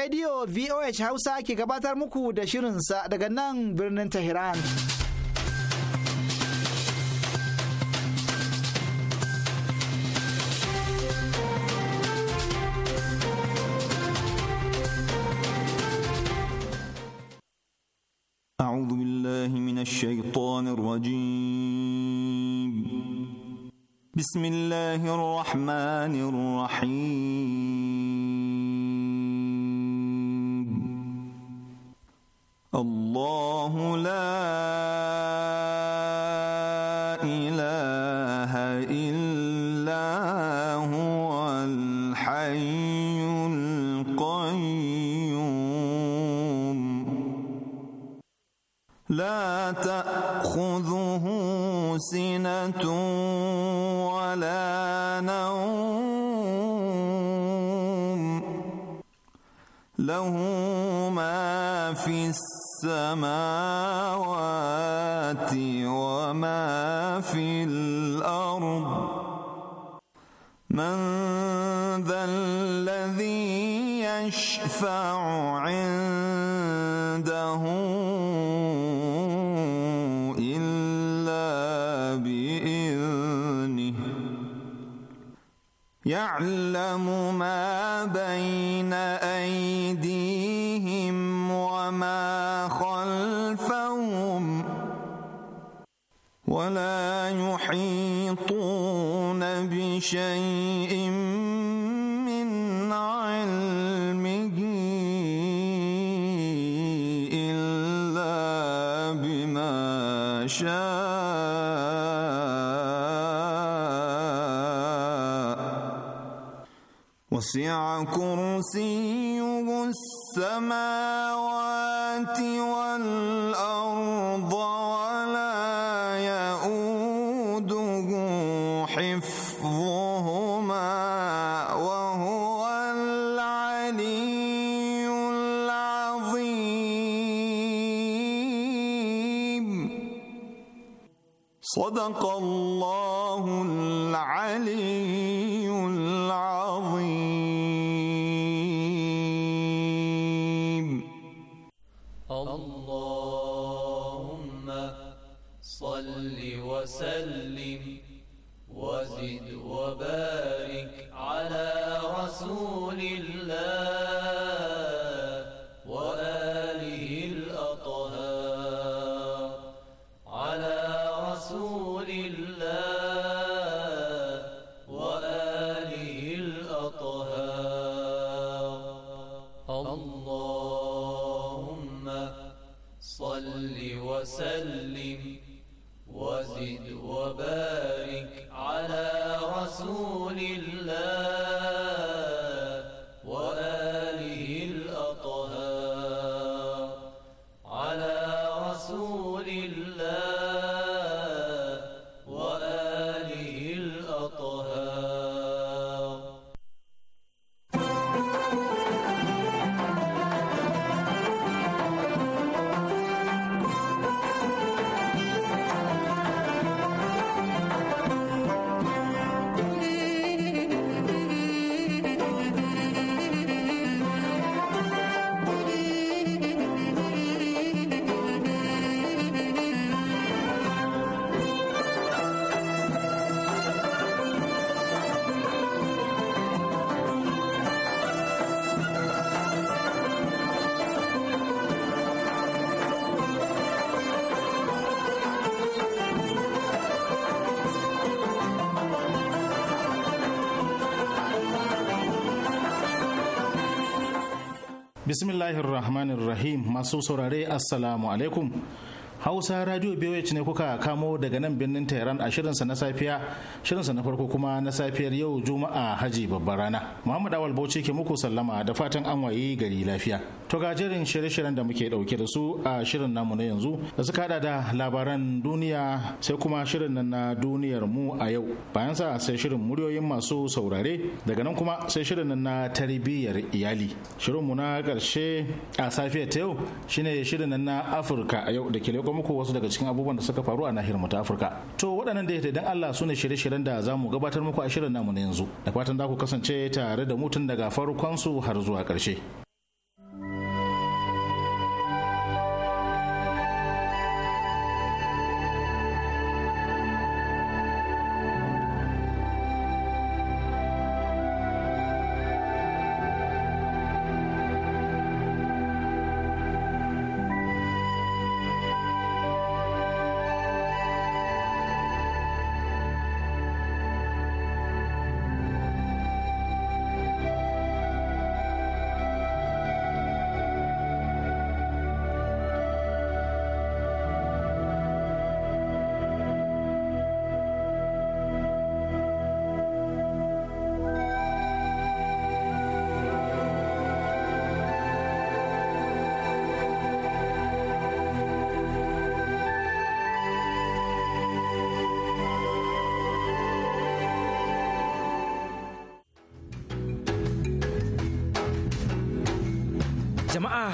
radio VOH hausa ke gabatar muku da shirinsa daga nan birnin tehran. شيء من علمه إلا بما شاء وسع كرسيه السماء bismillahir rahmanir rahim masu saurare assalamu alaikum hausa radio bewage ne kuka kamo daga nan birnin tehran a shirinsa na safiya shirinsa na farko kuma na safiyar yau juma'a haji babbar rana muhammad awal bauchi ke muku sallama da fatan an waye gari lafiya To ga jerin shirye-shiryen da muke dauke da su a shirin namu na yanzu da suka hada da labaran duniya sai kuma shirin nan na duniyar mu a yau. Bayan sa sai shirin muryoyin masu saurare daga nan kuma sai shirin nan na tarbiyyar iyali. Shirin mu na karshe a safiyar ta yau shine shirin nan na Afirka a yau da ke leko muku wasu daga cikin abubuwan da suka faru a nahiyar mu ta Afirka. To waɗannan da dan Allah su ne shirye-shiryen da za mu gabatar muku a shirin namu na yanzu. Da fatan za ku kasance tare da mutun daga farkon su har zuwa ƙarshe.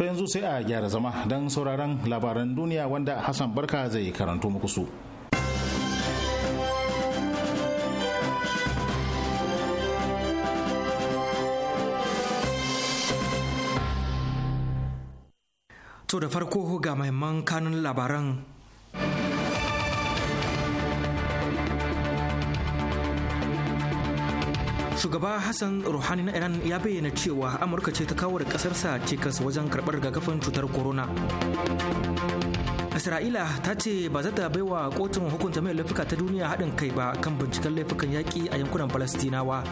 to yanzu sai a gyara zama don sauraron labaran duniya wanda hassan barka zai karanto muku su to da farko ga mahimman kanun labaran shugaba hassan Rouhani na iran ya bayyana cewa amurka ce ta kawo da kasarsa cikas wajen karbar rigakafin cutar corona isra'ila ta ce ba za ta baiwa kotun hukunta mai laifuka ta duniya haɗin kai ba kan binciken laifukan yaƙi a yankunan falastinawa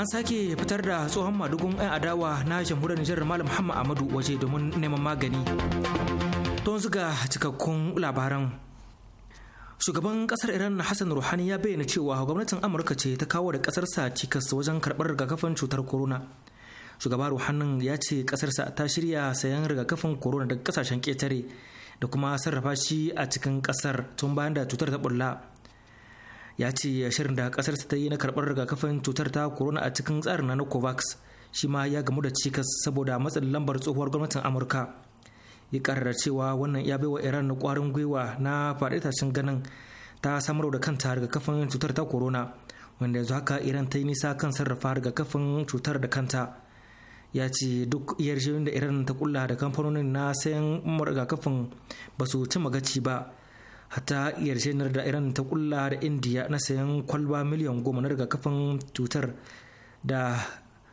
an sake fitar da tsohon madugun 'yan adawa na jamhuriyar nijar malam muhammad amadu waje domin neman magani don zuga cikakkun labaran shugaban kasar iran hassan ruhani ya bayyana cewa gwamnatin amurka ce ta kawo da kasarsa cikas wajen karbar rigakafin cutar corona shugaba ruhanin ya ce kasarsa ta shirya sayan rigakafin corona daga kasashen ketare da kuma sarrafa shi a cikin kasar tun bayan da cutar ta bulla ya ce shirin da kasarsa ta yi na karɓar rigakafin cutar ta corona a cikin tsarin na covax shi ma ya gamu da cikas saboda matsin lambar tsohuwar gwamnatin amurka ya karara cewa wannan ya baiwa iran na kwarin gwiwa na faɗi ganin ta samar da kanta daga kafin cutar ta corona wanda yanzu haka iran ta yi nisa kan sarrafa daga rigakafin cutar da kanta ya ce duk yarjejin da iran ta kulla da kamfanonin na sayan kafin ba su ci magaci ba hatta yarjejenar da iran ta kulla da indiya na sayan kwalba miliyan goma na rigakafin cutar da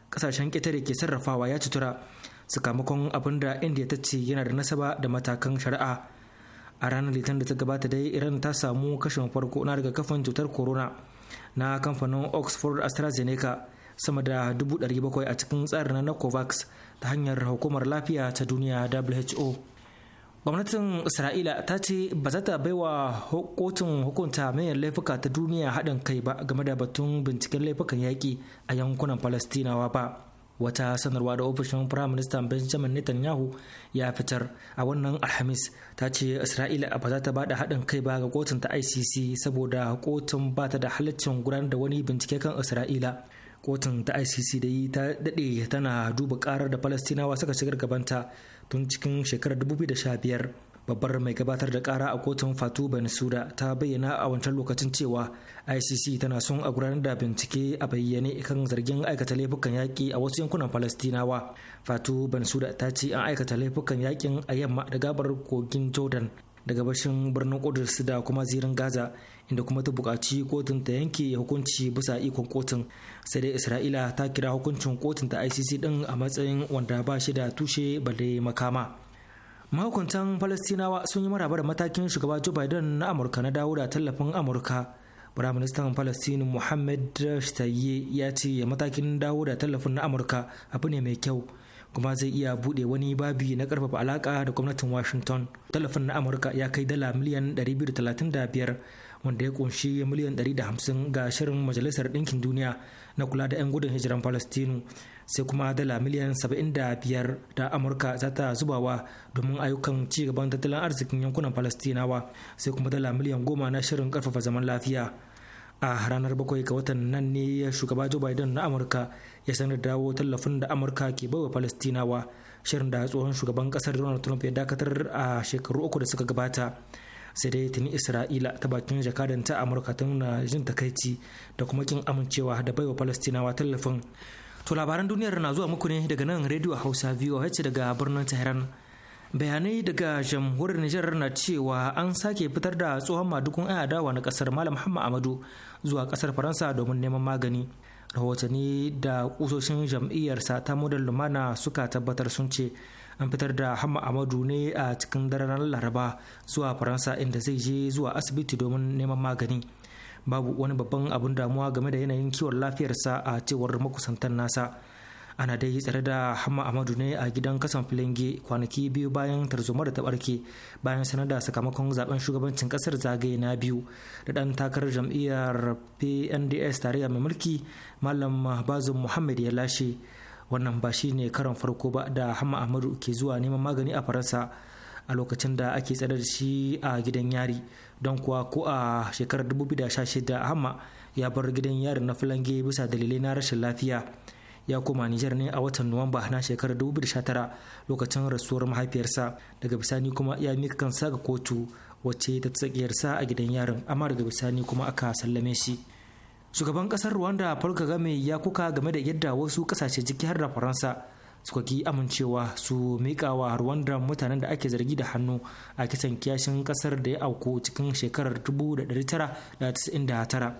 kasashen ƙetare ke sarrafawa ya cutura sakamakon abin da india ta ce yana da nasaba da matakan shari'a a ranar litinin da ta gabata dai iran ta samu kashin farko na kafin cutar corona na kamfanin oxford astrazeneca sama da 700 a cikin tsarin na covax ta hanyar hukumar lafiya ta duniya who gwamnatin isra'ila ta ce ba za ta baiwa kotun hukunta manyan laifuka ta duniya haɗin kai ba game da batun binciken laifukan yaƙi a yankunan falastinawa ba wata sanarwa da ofishin prime minister benjamin netanyahu ya fitar a wannan alhamis ta ce isra'ila ba za ta bada haɗin kai ba ga kotun ta icc saboda kotun ba ta da halaccin gudanar da wani bincike kan isra'ila kotun ta icc da yi ta daɗe tana duba karar da falastinawa suka shigar gabanta tun cikin shekarar 2015 babbar mai gabatar da kara a kotun fatu bensuda ta bayyana a wancan lokacin cewa icc tana son a gudanar da bincike a bayyane kan zargin aikata laifukan yaƙi a wasu yankunan falastinawa fatu bensuda ta ce an aikata laifukan yaƙin a yamma da gabar kogin jordan da gabashin birnin kudus da kuma zirin gaza inda kuma ta buƙaci kotun ta yanke hukunci bisa ikon kotun sai dai isra'ila ta kira hukuncin kotun ta icc din a matsayin wanda ba shi da tushe balle makama mahukuntan falastinawa sun yi maraba da matakin shugaba joe biden na amurka na dawo da tallafin amurka firaministan falastin muhammad shtaye ya ce matakin dawo da tallafin na amurka abu ne mai kyau kuma zai iya bude wani babi na karfafa alaka da gwamnatin washington tallafin na amurka ya kai dala miliyan 235 wanda ya kunshi miliyan 150 ga shirin majalisar ɗinkin duniya na kula da 'yan gudun hijiran falastinu sai kuma dala miliyan 75 da amurka za ta zubawa domin ayyukan ci gaban tattalin arzikin yankunan palestinawa sai kuma dala miliyan goma na shirin karfafa zaman lafiya a ranar bakwai ga watan nan ne shugaba joe biden na amurka ya sanar dawo tallafin da amurka ke baiwa palestinawa shirin da tsohon shugaban kasar donald trump ya dakatar a shekaru uku da suka gabata sai dai tuni isra'ila ta bakin jakadanta amurka ta nuna jin takaici da kuma kin amincewa da baiwa palestinawa tallafin To labaran duniyar na zuwa muku ne daga nan Radio Hausa VOH daga birnin Tehran. Bayanai daga jamhuriyar Nijar na cewa an sake fitar da tsohon madukun 'yan adawa na kasar Malam Muhammad Amadu zuwa kasar Faransa domin neman magani. Rahotanni da kusoshin jam'iyyarsa ta model lumana suka tabbatar sun ce an fitar da Hamma Amadu ne a cikin daren Laraba zuwa Faransa inda zai je zuwa asibiti domin neman magani. babu wani babban abun damuwa game da yanayin kiwon lafiyarsa a cewar makusantan nasa ana dai tsare da hama amadu ne a gidan kasan filinge kwanaki biyu bayan tarzoma da ta ɓarke bayan sanar da sakamakon zaben shugabancin kasar zagaye na biyu da dan takarar jam'iyyar pnds tarayya mai mulki malam bazum muhammad ya lashe wannan ba shi ne karon farko ba da hama amadu ke zuwa neman magani a faransa a lokacin da ake tsare da shi a gidan yari don kuwa ko a shekarar 2016 hamma ya bar gidan yarin na filange bisa dalilai na rashin lafiya ya koma Nijar ne a watan Nuwamba na shekarar 2019 lokacin rasuwar mahaifiyarsa daga bisani kuma ya mika kansa ga kotu wacce ta tsakiyarsa a gidan yarin amma daga bisani kuma aka sallame shi shugaban kasar Rwanda Paul Kagame ya kuka game da yadda wasu kasashe ciki har da Faransa suka ki amincewa su miƙawa Rwanda mutanen da ake zargi da hannu a kisan kiyashin kasar da ya auku cikin shekarar 1999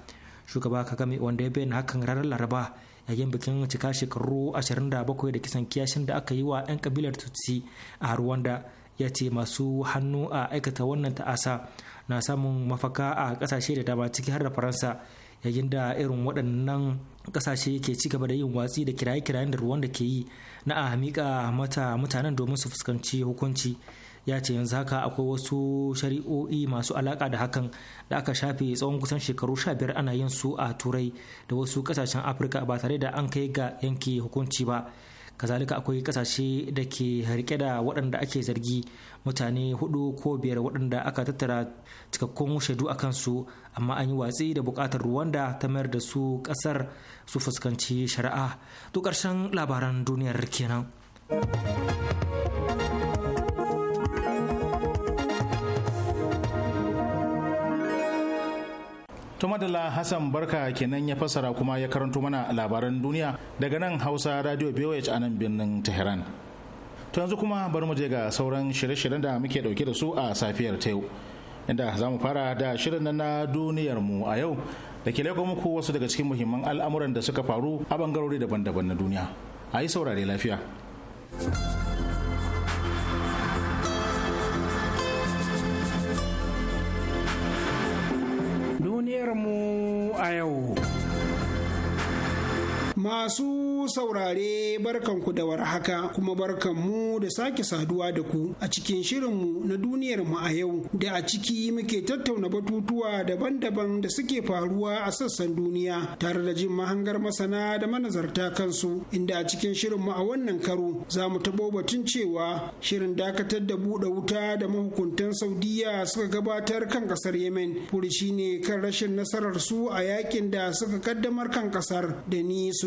shugaba Kagame wanda ya bayyana hakan ranar Laraba yayin bikin cika shekaru 27 da kisan kiyashin da aka yi wa 'yan kabilar Tutsi a Rwanda ya ce masu hannu a aikata wannan ta'asa na samun mafaka a kasashe da dama ciki har da Faransa yayin da irin waɗannan ƙasashe ke ci gaba da yin watsi da kiraye-kirayen da ruwan da ke yi na a miƙa mata mutanen domin su fuskanci hukunci ya ce yanzu haka akwai wasu shari'o'i masu alaƙa da hakan da aka shafe tsawon kusan shekaru sha biyar ana yin su a turai da wasu ƙasashen afirka ba tare da an kai ga yanke hukunci ba kazalika akwai kasashe da ke rike da waɗanda ake zargi mutane hudu ko biyar waɗanda aka tattara cikakkun shaidu a kansu amma an yi watsi da buƙatar ruwanda ta mayar da su ƙasar su fuskanci shari'a to ƙarshen labaran duniyar kenan. To madalla Hassan Barka kenan ya fassara kuma ya karanto mana labaran duniya daga nan Hausa Radio BOH a nan birnin Tehran. To yanzu kuma bari mu je ga sauran shirye-shiryen da muke dauke da su a safiyar ta yau. Inda za mu fara da shirin nan na duniyar mu a yau da ke lego muku wasu daga cikin muhimman al'amuran da suka faru a bangarori daban-daban na duniya. A yi saurare lafiya. mu a yau. Masu saurare barkanku da warhaka kuma barkanmu da sake saduwa da ku a cikin shirinmu na duniyar mu a yau da a ciki muke tattauna batutuwa daban-daban da suke faruwa a sassan duniya tare da jin mahangar masana da manazarta kansu inda a cikin shirin mu a wannan karo za mu tabo batun cewa shirin dakatar da buɗe wuta da mahukuntan saudiya suka gabatar kan ƙasar yemen furishi ne kan rashin nasarar su a yakin da suka kaddamar kan ƙasar da ni su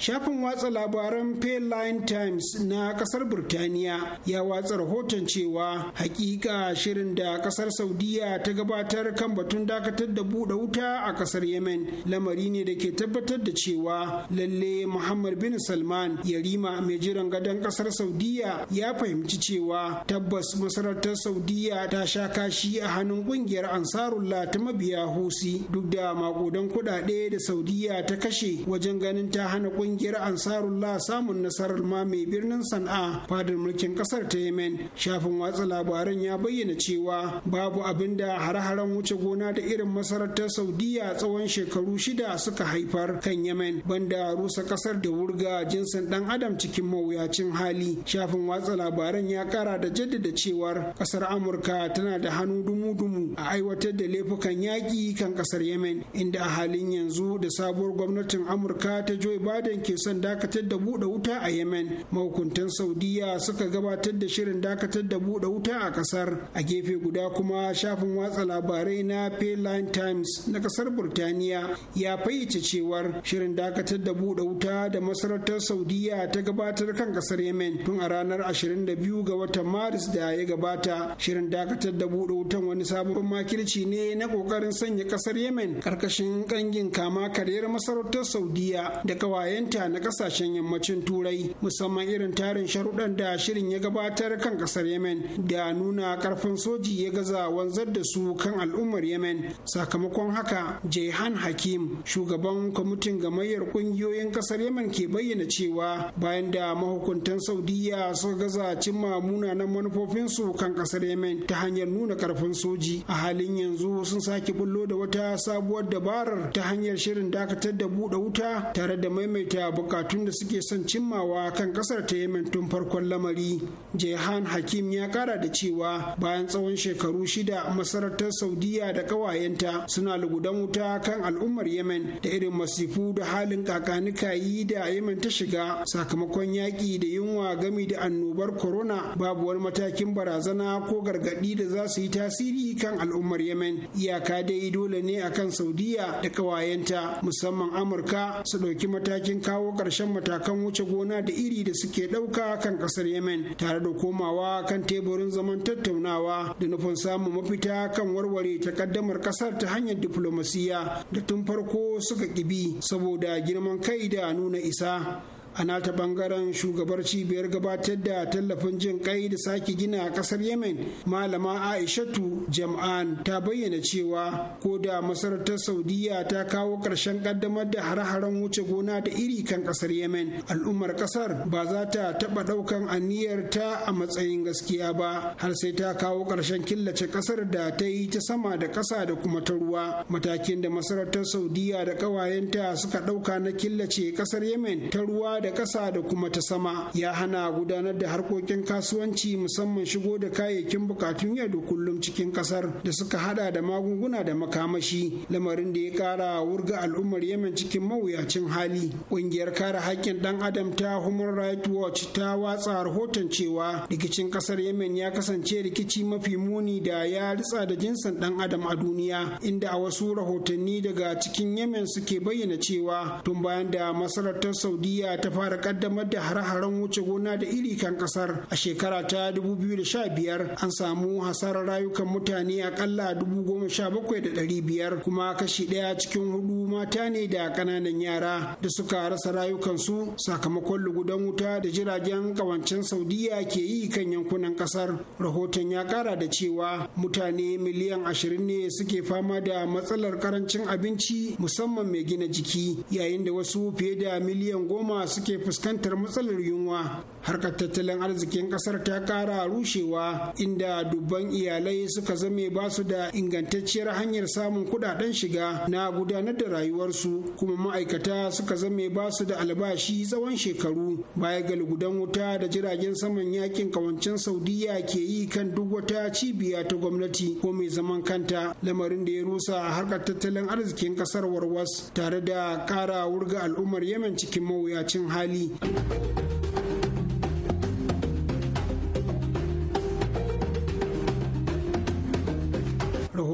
Shafin watsa labaran Payline Times na kasar Burtaniya ya watsa rahoton cewa hakika shirin da kasar Saudiya ta gabatar kan batun dakatar da buɗe wuta a kasar Yemen lamari ne da ke tabbatar da cewa lalle Muhammad bin Salman yarima mai jiran gadon kasar Saudiya ya fahimci cewa tabbas masarautar Saudiya ta sha kashi a hannun kungiyar Ansarullah ta mabiya Husi duk da makudan kuɗaɗe da Saudiya ta kashe wajen ganin ta hana kungiyar ansarullah samun nasarar ma mai birnin sana'a fadar mulkin kasar ta yemen shafin watsa labaran ya bayyana cewa babu abin da hare-haren wuce gona da irin masarautar saudiya tsawon shekaru shida suka haifar kan yemen banda rusa kasar da wurga jinsin dan adam cikin mawuyacin hali shafin watsa labaran ya kara da jaddada cewar kasar amurka tana da hannu dumu-dumu a aiwatar da laifukan yaƙi kan kasar yemen inda a halin yanzu da sabuwar gwamnatin amurka ta joe biden ke son dakatar da buɗe wuta a Yemen. Mahukuntan Saudiya suka gabatar da shirin dakatar da buɗe wuta a ƙasar. A gefe guda kuma shafin watsa labarai na Payline Times na ƙasar Burtaniya ya fayyace cewar shirin dakatar da buɗe wuta da masarautar Saudiya ta gabatar kan ƙasar Yemen tun a ranar 22 ga watan Maris da ya gabata. Shirin dakatar da buɗe wutan wani sabon makirci ne na ƙoƙarin sanya ƙasar Yemen ƙarƙashin ƙangin kama karyar masarautar Saudiya da kawayen kawayenta na kasashen yammacin turai musamman irin tarin sharuɗan da shirin ya gabatar kan ƙasar yemen da nuna karfin soji ya gaza wanzar da su kan al'ummar yemen sakamakon haka jehan hakim shugaban kwamitin gamayyar ƙungiyoyin ƙasar yemen ke bayyana cewa bayan da mahukuntan saudiya suka gaza cimma munanan manufofinsu kan ƙasar yemen ta hanyar nuna karfin soji a halin yanzu sun sake bullo da wata sabuwar dabarar ta hanyar shirin dakatar da buɗe wuta tare da maimaita da bukatun da suke son cimmawa kan kasar ta yemen tun farkon lamari jehan hakim ya kara da cewa bayan tsawon shekaru shida masarautar saudiya da kawayenta suna lugudan wuta kan al'ummar yemen da irin masifu da halin kakanika yi da yemen ta shiga sakamakon yaƙi da yunwa gami da annobar corona babu wani matakin barazana ko gargaɗi da za su yi tasiri kan al'ummar yemen iyaka dai dole ne akan saudiya da kawayenta musamman amurka su ɗauki matakin kawo ƙarshen matakan wuce gona da iri da suke ɗauka kan ƙasar yemen tare da komawa kan teburin zaman tattaunawa da nufin samun mafita kan warware takaddamar ƙasar ta hanyar diflomasiya da tun farko suka ƙibi saboda girman kai da nuna isa a nata bangaren shugabar cibiyar gabatar da tallafin jin kai da sake gina a kasar yemen malama aishatu jam'an ta bayyana cewa ko da masarautar saudiya ta kawo ƙarshen ƙaddamar da hare-haren wuce gona da iri kan ƙasar yemen al'ummar ƙasar ba za ta taɓa ɗaukan aniyar ta a matsayin gaskiya ba har sai ta kawo ƙarshen killace ƙasar da ta yi ta sama da ƙasa da kuma ta ruwa matakin da masarautar saudiya da ƙawayenta suka ɗauka na killace ƙasar yemen ta ruwa da ƙasa da kuma ta sama ya hana gudanar da harkokin kasuwanci musamman shigo da kayayyakin bukatun yau da kullum cikin ƙasar da suka hada da magunguna da makamashi lamarin da ya ƙara wurga al'ummar yemen cikin mawuyacin hali ƙungiyar kare haƙƙin ɗan adam ta human rights watch ta watsa rahoton cewa rikicin ƙasar yemen ya kasance rikici mafi muni da ya ritsa da jinsin ɗan adam a duniya inda a wasu rahotanni daga cikin yemen suke bayyana cewa tun bayan da masarautar Saudiyya ta ta fara kaddamar da hare-haren wuce gona da iri kan kasar a shekara ta 2015 an samu hasarar rayukan mutane akalla biyar. kuma kashi ɗaya cikin hudu mata ne da ƙananan yara da suka rasa rayukansu sakamakon lugudan wuta da jiragen kawancin saudiya ke yi kan yankunan kasar rahoton ya ƙara da cewa mutane miliyan ashirin ne suke fama da matsalar karancin abinci musamman mai gina jiki yayin da wasu fiye da miliyan goma suke fuskantar matsalar yunwa harkar tattalin arzikin kasar ta kara rushewa inda dubban iyalai suka zame ba su da ingantacciyar hanyar samun kudaden shiga na gudanar da rayuwarsu kuma ma'aikata suka zame ba su da albashi tsawon shekaru baya ga lugudan wuta da jiragen saman yakin kawancin saudiya ke yi kan duk wata cibiya ta gwamnati ko mai zaman kanta lamarin da ya rusa a harkar tattalin arzikin kasar warwas tare da kara wurga al'ummar yemen cikin mawuyacin hali.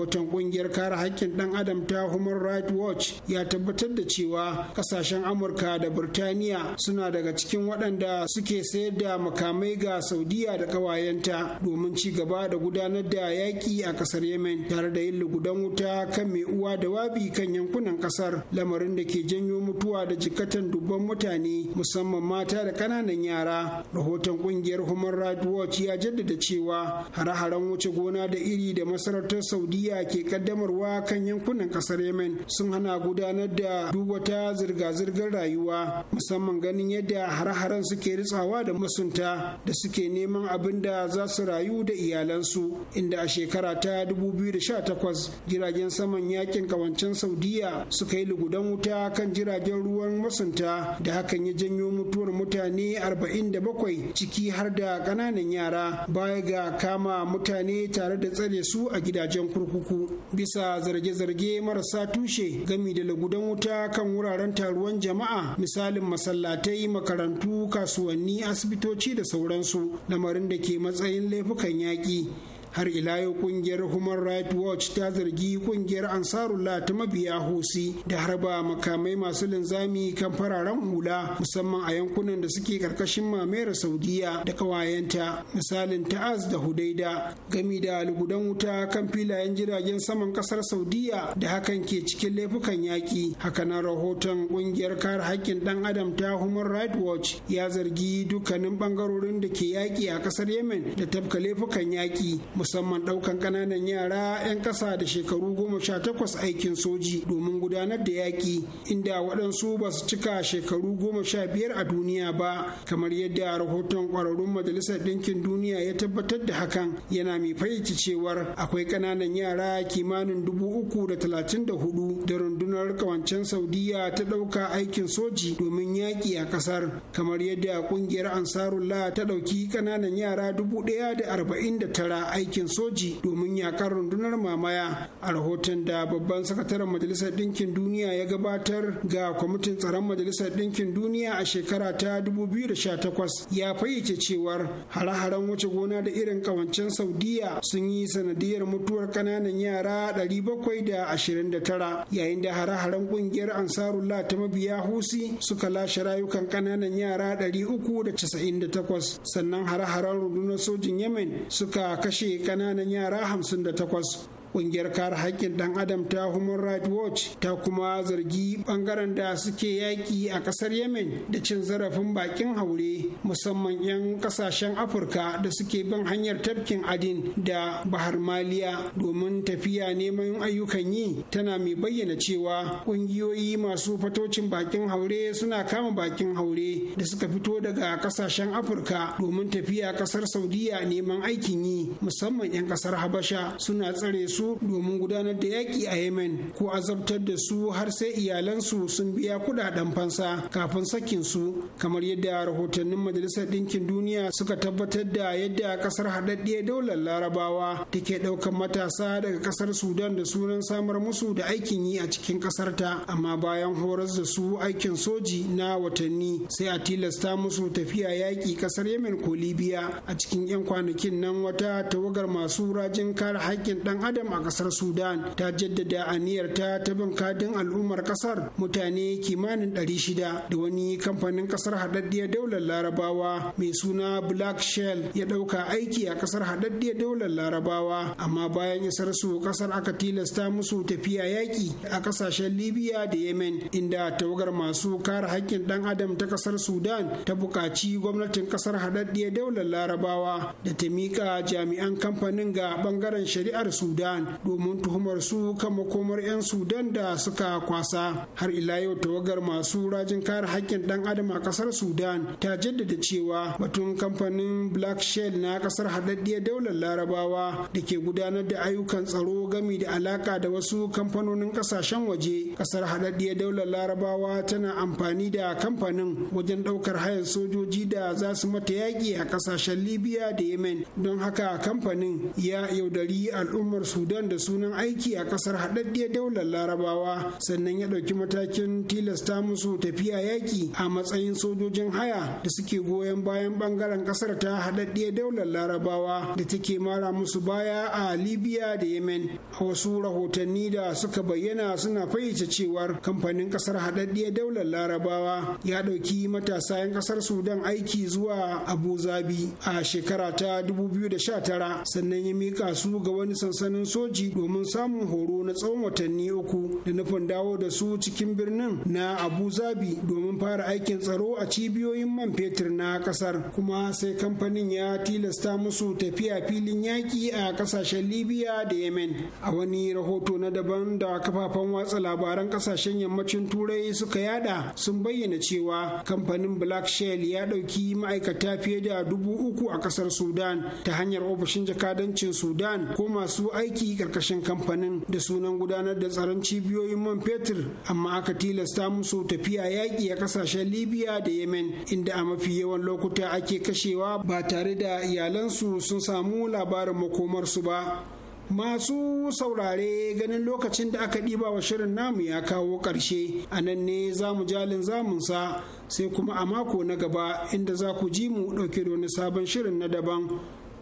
rahoton kungiyar kare haƙƙin ɗan adam ta human rights watch ya tabbatar da cewa ƙasashen amurka da burtaniya suna daga cikin waɗanda suke sayar da makamai ga saudiya da ƙawayenta domin ci gaba da gudanar da yaƙi a ƙasar yemen tare da yin lugudan wuta kan mai uwa da wabi kan yankunan ƙasar lamarin da ke janyo mutuwa da jikatan dubban mutane musamman mata da ƙananan yara rahoton ƙungiyar human rights watch ya jaddada cewa hare-haren wuce gona da iri da masarautar saudiya saudiya ke kaddamarwa kan yankunan kasar yemen sun hana gudanar da duk wata zirga-zirgar rayuwa musamman ganin yadda har-haren suke ritsawa da masunta da suke neman abin da za su rayu da iyalansu inda a shekara ta 2018 jiragen saman yakin ƙawancen saudiya suka yi lugudan wuta kan jiragen ruwan masunta da hakan ya janyo mutuwar mutane 47 ciki har da ƙananan yara baya ga kama mutane tare da tsare su a gidajen kurkuku kurkuku bisa zarge-zarge marasa tushe gami da lagudan wuta kan wuraren taruwan jama'a misalin masallatai makarantu kasuwanni asibitoci da sauransu lamarin da ke matsayin laifukan yaƙi har ila yau kungiyar human rights watch ta zargi kungiyar ansarullah ta mabiya hosi da harba makamai masu linzami kan fararen hula musamman a yankunan da suke karkashin mamera saudiya da kawayenta misalin ta'az da hudaida gami da lugudan wuta kan filayen jiragen saman kasar saudiya da hakan ke cikin laifukan yaƙi hakanan rahoton kungiyar kare haƙƙin ɗan adam ta human rights watch ya zargi dukkanin bangarorin da ke yaƙi a ƙasar yemen da tafka laifukan yaƙi musamman ɗaukan ƙananan yara 'yan ƙasa da shekaru goma sha takwas aikin soji domin gudanar da yaƙi inda waɗansu ba su cika shekaru goma sha biyar a duniya ba kamar yadda rahoton ƙwararrun majalisar ɗinkin duniya ya tabbatar da hakan yana mai fayyace cewar akwai ƙananan yara kimanin dubu uku da talatin da hudu da rundunar ƙawancen saudiya ta ɗauka aikin soji domin yaƙi a ƙasar kamar yadda ƙungiyar ansarullah ta ɗauki ƙananan yara dubu ɗaya da arba'in da tara aikin soji domin yakar rundunar mamaya a rahoton da babban sakataren majalisar ɗinkin duniya ya gabatar ga kwamitin tsaron majalisar ɗinkin duniya a shekara ta 2018 ya fayyace cewar hare-haren wuce gona da irin kawancen saudiya sun yi sanadiyar mutuwar ƙananan yara 729 yayin da hare-haren ƙungiyar ansarullah ta mabiya husi suka lashe rayukan ƙananan yara 398 sannan hare-haren rundunar sojin yemen suka kashe kashe kananan yara hamsin da takwas kungiyar kare haƙƙin dan adam ta human rights watch ta kuma zargi ɓangaren da suke yaƙi a ƙasar yemen da cin zarafin baƙin haure musamman 'yan ƙasashen afirka da suke bin hanyar tafkin adin da bahar maliya domin tafiya neman ayyukan yi tana mai bayyana cewa ƙungiyoyi masu fatocin baƙin haure suna kama baƙin haure da suka fito daga ƙasashen afirka domin tafiya ƙasar saudiya neman aikin yi musamman 'yan ƙasar habasha suna tsare su domin gudanar da yaƙi a yemen ko azabtar da su har sai iyalansu sun biya kudaden fansa kafin sakin su kamar yadda rahotannin majalisar ɗinkin duniya suka tabbatar da yadda ƙasar haɗaɗɗiyar daular larabawa take ɗaukar matasa daga ƙasar sudan da sunan samar musu da aikin yi a cikin kasar ta amma bayan horas da su aikin soji na watanni sai a tilasta musu tafiya yaƙi ƙasar yemen ko libya a cikin 'yan kwanakin nan wata tawagar masu rajin kare haƙƙin ɗan adam a kasar sudan ta jaddada aniyar ta ta bin kadin al'ummar kasar mutane kimanin 600 da wani kamfanin kasar haɗaɗɗiyar daular larabawa mai suna black shell ya ɗauka aiki a kasar haɗaɗɗiyar daular larabawa amma bayan isar su kasar aka tilasta musu tafiya yaƙi a kasashen libya da yemen inda tawagar masu kare haƙƙin ɗan adam ta kasar sudan ta buƙaci gwamnatin kasar haɗaɗɗiyar daular larabawa da ta miƙa jami'an kamfanin ga ɓangaren shari'ar sudan Sudan domin tuhumar su kan makomar 'yan sudan da suka kwasa har ila yau tawagar masu rajin kare hakkin ɗan adam a ƙasar sudan ta jaddada cewa batun kamfanin black shell na ƙasar haɗaɗɗiyar daular larabawa da ke gudanar da ayyukan tsaro gami da alaƙa da wasu kamfanonin ƙasashen waje ƙasar haɗaɗɗiyar daular larabawa tana amfani da kamfanin wajen ɗaukar hayan sojoji da za su mata yaƙi a ƙasashen libya da yemen don haka kamfanin ya yaudari al'ummar sudan sudan da sunan aiki a kasar haɗaɗɗiyar daular larabawa sannan ya ɗauki matakin tilasta musu tafiya yaƙi a matsayin sojojin haya da suke goyon bayan ɓangaren kasar ta haɗaɗɗiyar daular larabawa da take mara musu baya a libya da yemen a wasu rahotanni da suka bayyana suna fayyace cewar kamfanin kasar haɗaɗɗiyar daular larabawa ya ɗauki matasa 'yan kasar sudan aiki zuwa abu zabi a shekara ta 2019 sannan ya mika su ga wani sansanin soji domin samun horo na tsawon watanni uku da nufin dawo da su cikin birnin na abu zabi domin fara aikin tsaro a cibiyoyin man fetur na kasar kuma sai kamfanin ya tilasta musu tafiya filin yaƙi a kasashen libya da yemen a wani rahoto na daban da kafafen watsa labaran kasashen yammacin turai suka yada sun bayyana cewa kamfanin black shell ya ɗauki ma'aikata fiye da dubu uku a kasar sudan ta hanyar ofishin jakadancin sudan ko masu aiki aiki karkashin kamfanin da sunan gudanar da tsaron cibiyoyin man fetur amma aka tilasta musu tafiya yaƙi a ƙasashen libya da yemen inda a mafi yawan lokuta ake kashewa ba tare da iyalansu sun samu labarin makomarsu ba masu saurare ganin lokacin da aka ɗiba wa shirin namu ya kawo ƙarshe a nan ne za mu jalin zamunsa sai kuma a mako na gaba inda za ku ji mu ɗauke da wani sabon shirin na daban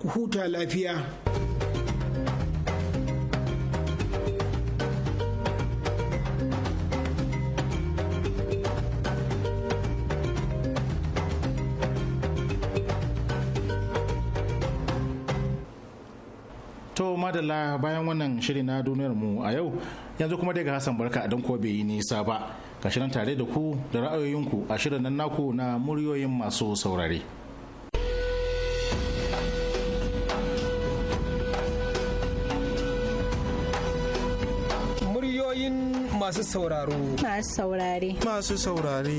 ku huta lafiya. madalla bayan wannan shiri na duniyar mu a yau yanzu kuma daga hassan barka don ko bai yi nisa ba gashi nan tare da ku da ra'ayoyinku a shirin nan naku na muryoyin masu saurare muryoyin masu sauraro masu saurare masu saurare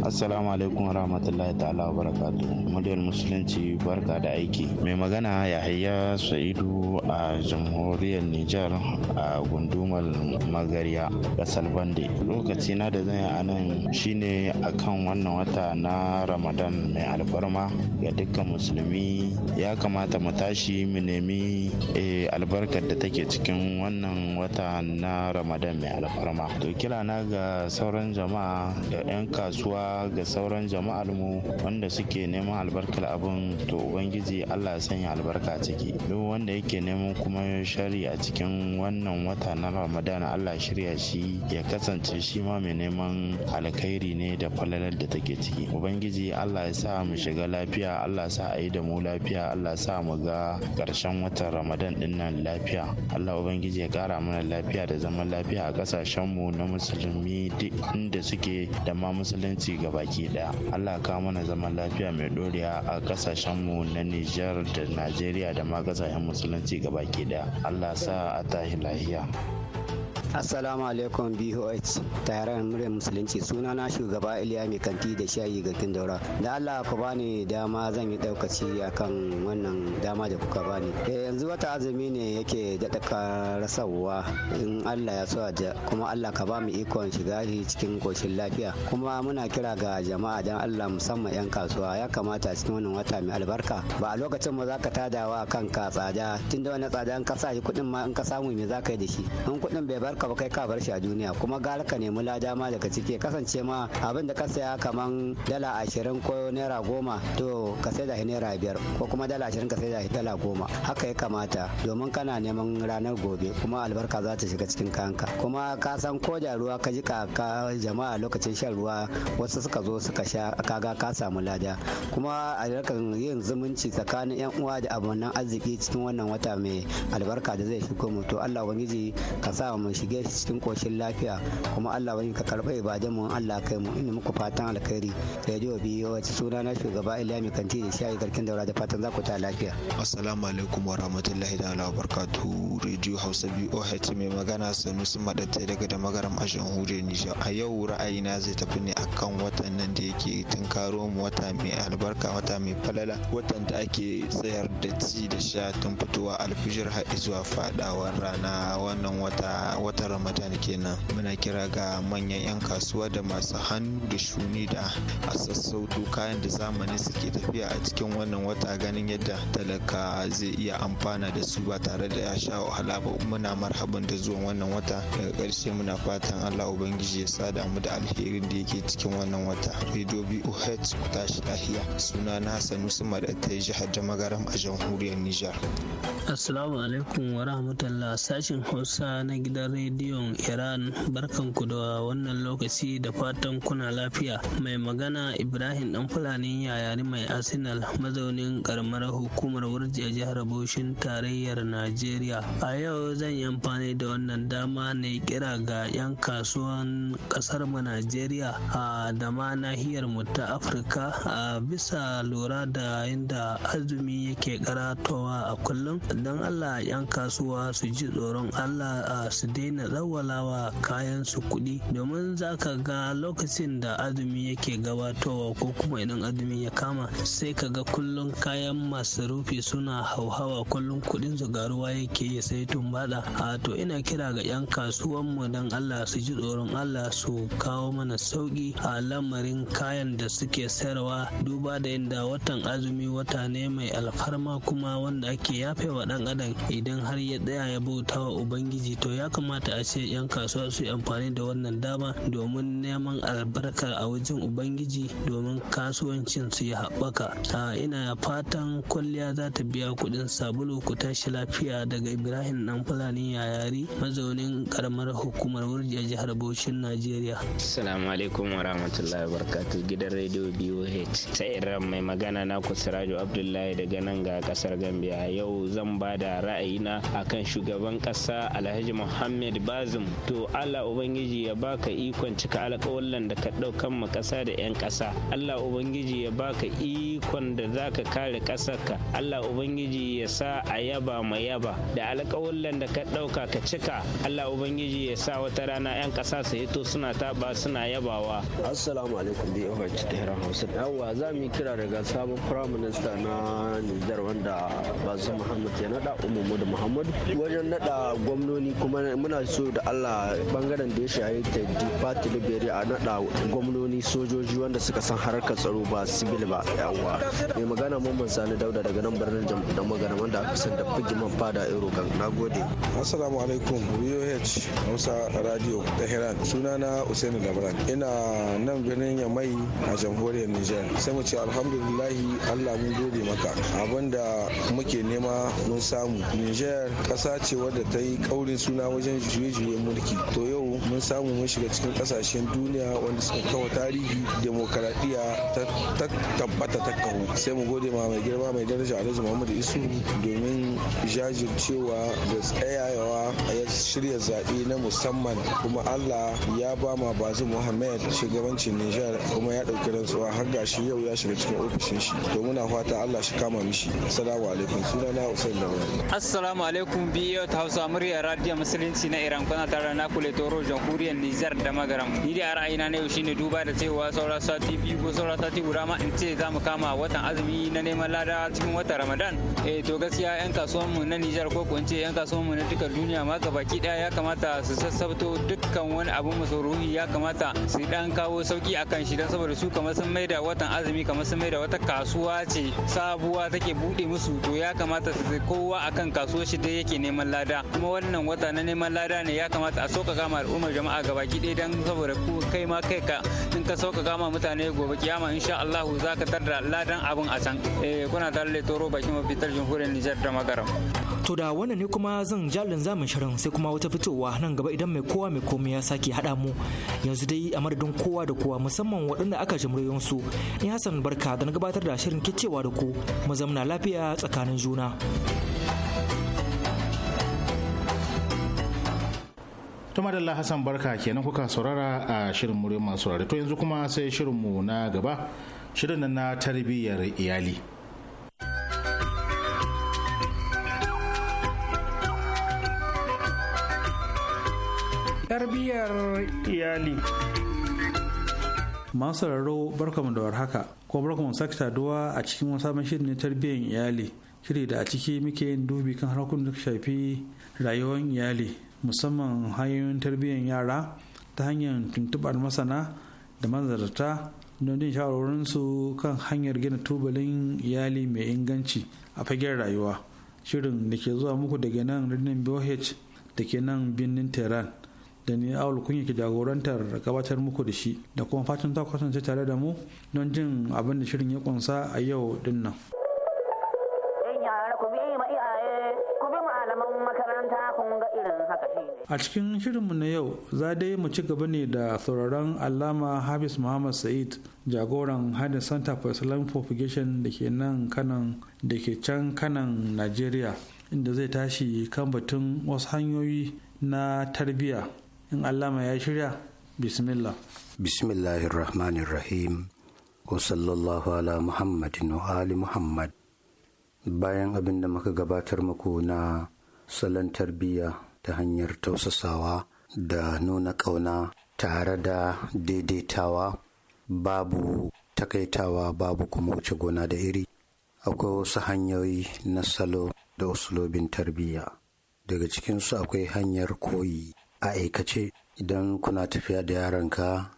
assalamu alaikum wa rahmatullahi ta'ala wa barakatu model musulunci barka da aiki mai magana ya yahaya sa'idu a jamhuriyar nijar a gundumar magariya kasar bande lokaci na da zai a nan shine akan wannan wata na ramadan mai alfarma ga dukkan musulmi ya kamata mu tashi mu nemi eh, albarkar da take cikin wannan wata na ramadan mai alfarma to kira na ga sauran jama'a da 'yan kasuwa ga sauran jama'ar mu wanda suke neman albarkar abun to ubangiji Allah ya sanya albarka ciki duk wanda yake neman kuma shari a cikin wannan wata na Ramadan Allah shirya shi ya kasance shi ma mai neman alkhairi ne da falalar da take ciki ubangiji Allah ya sa mu shiga lafiya Allah ya sa a yi da mu lafiya Allah ya sa mu ga ƙarshen watan Ramadan din nan lafiya Allah ubangiji ya ƙara mana lafiya da zaman lafiya a ƙasashen mu na musulmi duk inda suke da ma musulunci baki daya allah ka mana zaman lafiya mai dorewa a kasashen mu na nijar da najeriya da ma kasashen musulunci gabaki daya allah sa a tahi lahiya Assalamu alaikum BOH tayaran muryar musulunci suna na shugaba Iliya mai kanti da shayi ga daura. Da Allah ku bani dama zan yi daukaci akan wannan dama da kuka bani. Eh yanzu wata azumi ne yake daɗa rasawa in Allah ya so da kuma Allah ka ba mu ikon shiga cikin koshin lafiya. Kuma muna kira ga jama'a dan Allah musamman 'yan kasuwa ya kamata cikin wannan wata mai albarka. Ba a lokacin ma za ka tadawa kanka tsada tunda wani tsada in ka sa kuɗin ma in ka samu me za ka yi da shi. In kuɗin bai barka ka kai ka bar shi a duniya kuma gara ka nemi lada ma daga ciki kasance ma abin da ka saya kaman dala ashirin ko naira goma to ka sai da naira biyar ko kuma dala ashirin ka sai da dala goma haka ya kamata domin kana neman ranar gobe kuma albarka za ta shiga cikin kanka kuma ka san ko da ruwa ka ji ka jama'a lokacin shan ruwa wasu suka zo suka sha kaga ka samu lada kuma albarkan yin zumunci tsakanin yan uwa da abonan arziki cikin wannan wata mai albarka da zai shigo mu to Allah ubangiji ka sa mu shi shige cikin koshin lafiya kuma Allah wani ka karɓa ibadan mu Allah kai mu inda muku fatan alkhairi radio biyo wata suna na shugaba Ilyami Kanti da shayi garkin daura da fatan za ku ta lafiya assalamu alaikum wa rahmatullahi da ala barakatuhu radio Hausa BOH mai magana Sanusi Madatta daga da magaram a jamhuriyar Nijar a yau ra'ayina zai tafi ne akan watan nan da yake tunkaro mu wata mai albarka wata mai falala watan da ake tsayar da ci da sha tun fitowa alfijir har zuwa fadawar rana wannan wata wata tara mutane kenan muna kira ga manyan 'yan kasuwa da masu hannu da shuni da a sassauto kayan da zamani suke tafiya a cikin wannan wata ganin yadda talaka zai iya amfana da su ba tare da ya sha wahala ba muna marhaban da zuwan wannan wata daga karshe muna fatan allah ubangiji ya sada damu da alherin da yake cikin wannan wata radio boh ku tashi lahiya suna na hassan usman ta jihar da a jamhuriyar nijar assalamu alaikum wa rahmatullah sashen hausa na gidan rediyon iran barkanku da wannan lokaci da fatan kuna lafiya mai magana ibrahim dan fulani yayari mai arsenal mazaunin karamar hukumar wurji a jihar bauchin tarayyar najeriya a yau zan yi amfani da wannan dama ne kira ga 'yan kasuwan kasar mu najeriya a da ma nahiyar mu ta afirka a bisa lura da inda azumi yake karatowa a kullum don allah 'yan kasuwa su ji tsoron allah su daina daina rawalawa kayan su kuɗi domin za ka ga lokacin da azumi yake gabatowa ko kuma idan azumi ya kama sai ka ga kullum kayan masarufi suna hauhawa kullum kuɗin zugaruwa yake yi sai tumbaɗa a to ina kira ga 'yan kasuwanmu don allah su ji tsoron allah su kawo mana sauƙi a lamarin kayan da suke sayarwa duba da yadda watan azumi wata ne mai alfarma kuma wanda ake yafe wa ɗan adam idan har ya tsaya ya bauta wa ubangiji to ya kamata a ce 'yan kasuwa su yi amfani da wannan dama domin neman albarka a wajen ubangiji domin kasuwancin su ya haɓaka ina fatan kwalliya za ta biya kuɗin sabulu ku tashi lafiya daga ibrahim dan fulani yayari mazaunin karamar hukumar wurji a jihar bauchin najeriya assalamu alaikum wa rahmatullahi wa gidan rediyo boh ta iran mai magana na siraju abdullahi daga nan ga kasar gambia yau zan ba da ra'ayina akan shugaban ƙasa alhaji muhammad Ahmed bazum to allah ubangiji ya baka ikon cika alƙawallan da ka ɗaukan ma ƙasa da 'yan ƙasa allah ubangiji ya baka ikon da za ka kare ƙasarka allah ubangiji ya sa a yaba ma yaba da alƙawallan da ka ɗauka ka cika allah ubangiji ya sa wata rana 'yan ƙasa su hito suna taɓa suna yabawa assalamu alaikum bi ta tehran hausa yawwa za mu kira daga sabon firaminista na nijar wanda bazum muhammad ya naɗa umumu da muhammadu wajen naɗa gwamnoni kuma muna ina so da Allah bangaren da ya shahi ta dipa Liberi a naɗa gwamnoni sojoji wanda suka san harkar tsaro ba sibil ba yawa mai magana mamman sani dauda daga nan birnin jamhuriyar magana wanda aka san da bigiman fada eurogan na gode assalamu alaikum voh hausa radio suna na usaini labaran ina nan birnin yamai a jamhuriyar niger sai mu ce alhamdulillahi allah mun gode maka abinda muke nema mun samu niger kasa ce wadda ta yi kaurin suna wajen juye-juyen mulki to yau mun samu mun shiga cikin kasashen duniya wanda suka kawo tarihi demokaradiyya ta tabbata ta kawo sai mu gode ma mai girma mai daraja alhaji muhammadu isu domin jajircewa da tsayawa a shirya zaɓe na musamman kuma allah ya ba ma bazu muhammad shugabancin nijar kuma ya ɗauki rantsuwa har gashi yau ya shiga cikin ofishin shi to muna fata allah shi kama mishi assalamu alaikum sunana usain da assalamu alaikum biyu ta hausa murya radiyo musulunci na iran kuna tare na kule toro jamhuriyar nijar da magaram ni da ra'ayina na yau shine duba da cewa saura sati biyu ko saura sati guda ma in ce za mu kama watan azumi na neman lada cikin watan ramadan eh to gaskiya yan kasuwan mu na nijar ko ko in ce yan kasuwan mu na duka duniya ma baki daya ya kamata su sassabto dukkan wani abun masarufi ya kamata su dan kawo sauki akan shi dan saboda su kamar sun maida watan azumi kamar sun maida wata kasuwa ce sabuwa take bude musu to ya kamata su kowa akan kasuwar shi dai yake neman lada kuma wannan wata na neman lada lada ne ya kamata a sauƙaƙa ma al'ummar jama'a gaba ɗaya dan saboda ku kai ma kai ka in ka sauƙaƙa ma mutane gobe kiyama insha Allah za ka tarda ladan abin a can eh, kuna tare toro bakin mafitar jamhuriyar Nijar da Magaram. To da wannan ne kuma zan jalin zamin shirin sai kuma wata fitowa nan gaba idan mai kowa mai komai ya sake hada mu yanzu dai a madadin kowa da kowa musamman waɗanda aka jimriyon su ni Hassan Barka da na gabatar da shirin kicewa da ku mu zamna lafiya tsakanin juna. To madalla Hassan barka kenan kuka saurara a shirin muryar masu saurare. To yanzu kuma sai shirinmu na gaba shirin na tarbiyyar iyali. Tarbiyyar iyali. Masu sauraro barkamu da warhaka, ko barkamu sake saduwa a cikin wani sabon shirin tarbiyyar iyali. Shiri da a ciki muke yin dubi kan harkokin da shafi rayuwar iyali musamman hanyoyin tarbiyyar yara ta hanyar tuntubar masana da manzarta don jin shawarorinsu kan hanyar gina tubalin iyali mai inganci a fagen rayuwa shirin da ke zuwa muku daga nan rinin boh da ke nan birnin tehran da ni awul kunya ke jagorantar gabatar muku da shi da kuma fatan ta kasance tare da mu don jin abin da shirin ya kunsa a yau din nan. a cikin shirinmu na yau za dai mu ci gaba ne da sauraron allama hafiz muhammad sa'id jagoran hadin center for islamic propagation da ke nan kanan da ke can kanan nigeria inda zai tashi kan batun wasu hanyoyi na tarbiyya in allama ya shirya bismillah bismillahirrahmanirrahim wa sallallahu ala muhammadin wa ali muhammad bayan abin da muka gabatar muku na salon tarbiyya ta hanyar tausasawa da nuna ƙauna tare da daidaitawa babu takaitawa babu kuma wuce gona da iri akwai wasu hanyoyi na salo da usulobin tarbiyya daga cikinsu akwai hanyar koyi a aikace idan kuna tafiya da yaranka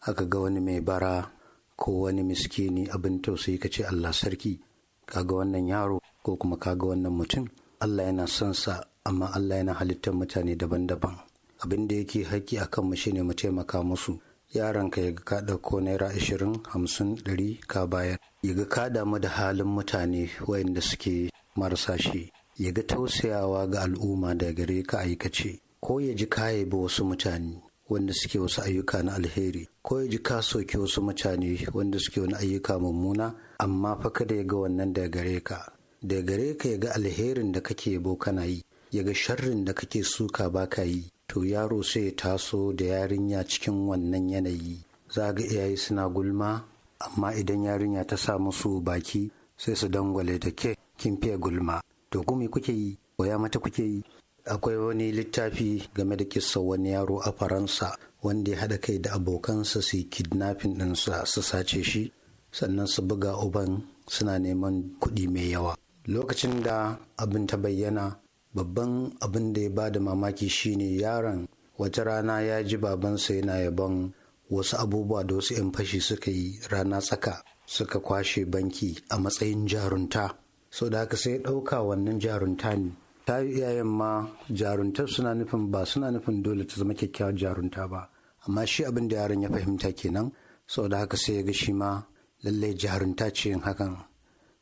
aka ga wani mai bara ko wani miskini abin tausayi ka ce allah sarki kaga wannan yaro ko kuma kaga wannan mutum allah yana son sa amma Allah yana halittar mutane daban-daban abin da yake haƙƙi a kanmu shine mu taimaka musu yaran ka yaga ka ɗauko naira ashirin hamsin ɗari ka bayar yaga ka damu da halin mutane wayanda suke marasa shi yaga tausayawa ga al'umma da gare ka aikace ko ya ji ka yabi wasu mutane wanda suke wasu ayyuka na alheri ko ya ji ka soke wasu mutane wanda suke wani ayyuka mummuna amma fa kada ya ga wannan da gare ka da gare ka ya ga alherin da kake yabo kana yi Yaga sharrin da kake suka baka yi to yaro sai ya taso da yarinya cikin wannan yanayi za ga iyaye suna gulma amma idan yarinya ta sa musu baki sai su dangwale da ke kin fiye gulma to gumi kuke yi waya mata kuke yi akwai wani littafi game da kisa wani yaro a faransa wanda ya haɗa kai da abokansa su yi kidnafin ɗinsa su sace shi sannan su buga uban suna neman kuɗi mai yawa lokacin da abin ta bayyana babban abin da ya ba da mamaki shine yaron wata rana ya ji babansa yana yabon wasu abubuwa da wasu 'yan fashi suka yi rana tsaka suka kwashe banki a matsayin jarunta so da haka sai ɗauka wannan jarunta ne ta iyayen ma jaruntar suna nufin ba suna nufin dole ta zama kyakkyawar jarunta ba amma shi abin da yaron ya fahimta kenan sau da haka sai ya ga shi ma lallai jarunta ce yin hakan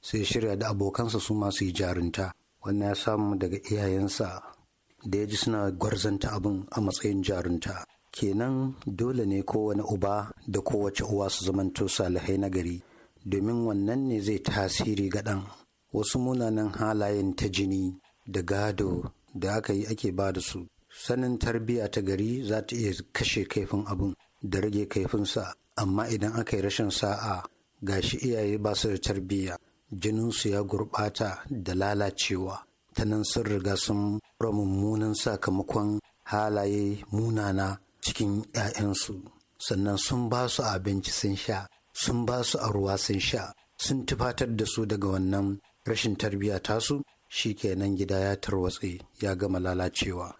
sai shirya da abokansa su masu yi jarunta wannan ya samu daga iyayensa da ya ji suna gwarzanta abin a matsayin jarunta kenan dole ne kowane uba da kowace uwa su zamanto salihai na gari domin wannan ne zai tasiri ga ɗan wasu munanan halayen ta jini da gado da aka yi ake ba da su sanin tarbiyya ta gari za ta iya kashe kaifin abin da rage kaifinsa amma idan aka yi rashin sa'a gashi iyaye ba su da tarbiyya jininsu ya gurɓata da lalacewa ta nan sun riga sun mummunan sakamakon halaye munana cikin 'ya'yansu sannan sun ba su abinci sun sha sun ba su a ruwa sun sha sun tufatar da su daga wannan rashin tarbiyya tasu shi kenan gida ya tarwatse ya gama lalacewa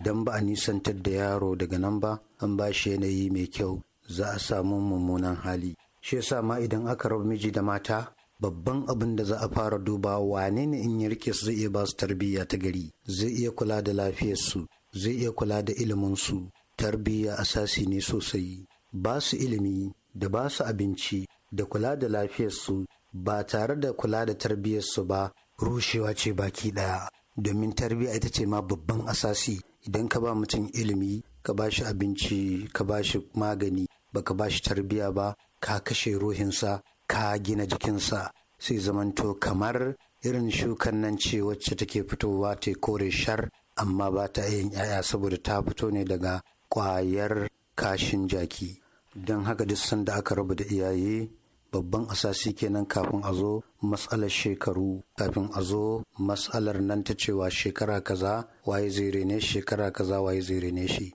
idan ba a nisantar da yaro daga nan ba an ba shi yanayi mai kyau za a samu mummunan hali shi yasa ma idan aka rabu miji da mata babban abin da za a fara duba wane ne in yi rike su zai iya ba su tarbiyya ta gari zai iya kula da lafiyarsu zai iya kula da iliminsu tarbiyya asasi ne sosai ba su ilimi da ba su abinci da kula da lafiyarsu ba tare da kula da tarbiyyarsu ba rushewa ce baki ɗaya domin tarbiyya ita ce ma babban asasi idan ka ba mutum ilimi ka ba shi abinci ka ba shi magani baka ba shi tarbiyya ba ka kashe ruhinsa ka gina jikinsa sai zamanto kamar irin shukan nan ce wacce take fitowa ta kore shar amma ba ta yin yaya saboda ta fito ne daga kwayar kashin jaki don haka duk sanda aka raba da iyaye babban asasi kenan kafin a zo matsalar shekaru kafin a zo matsalar nan ta cewa shekara kaza waye zai rene shekara kaza waye zai rene shi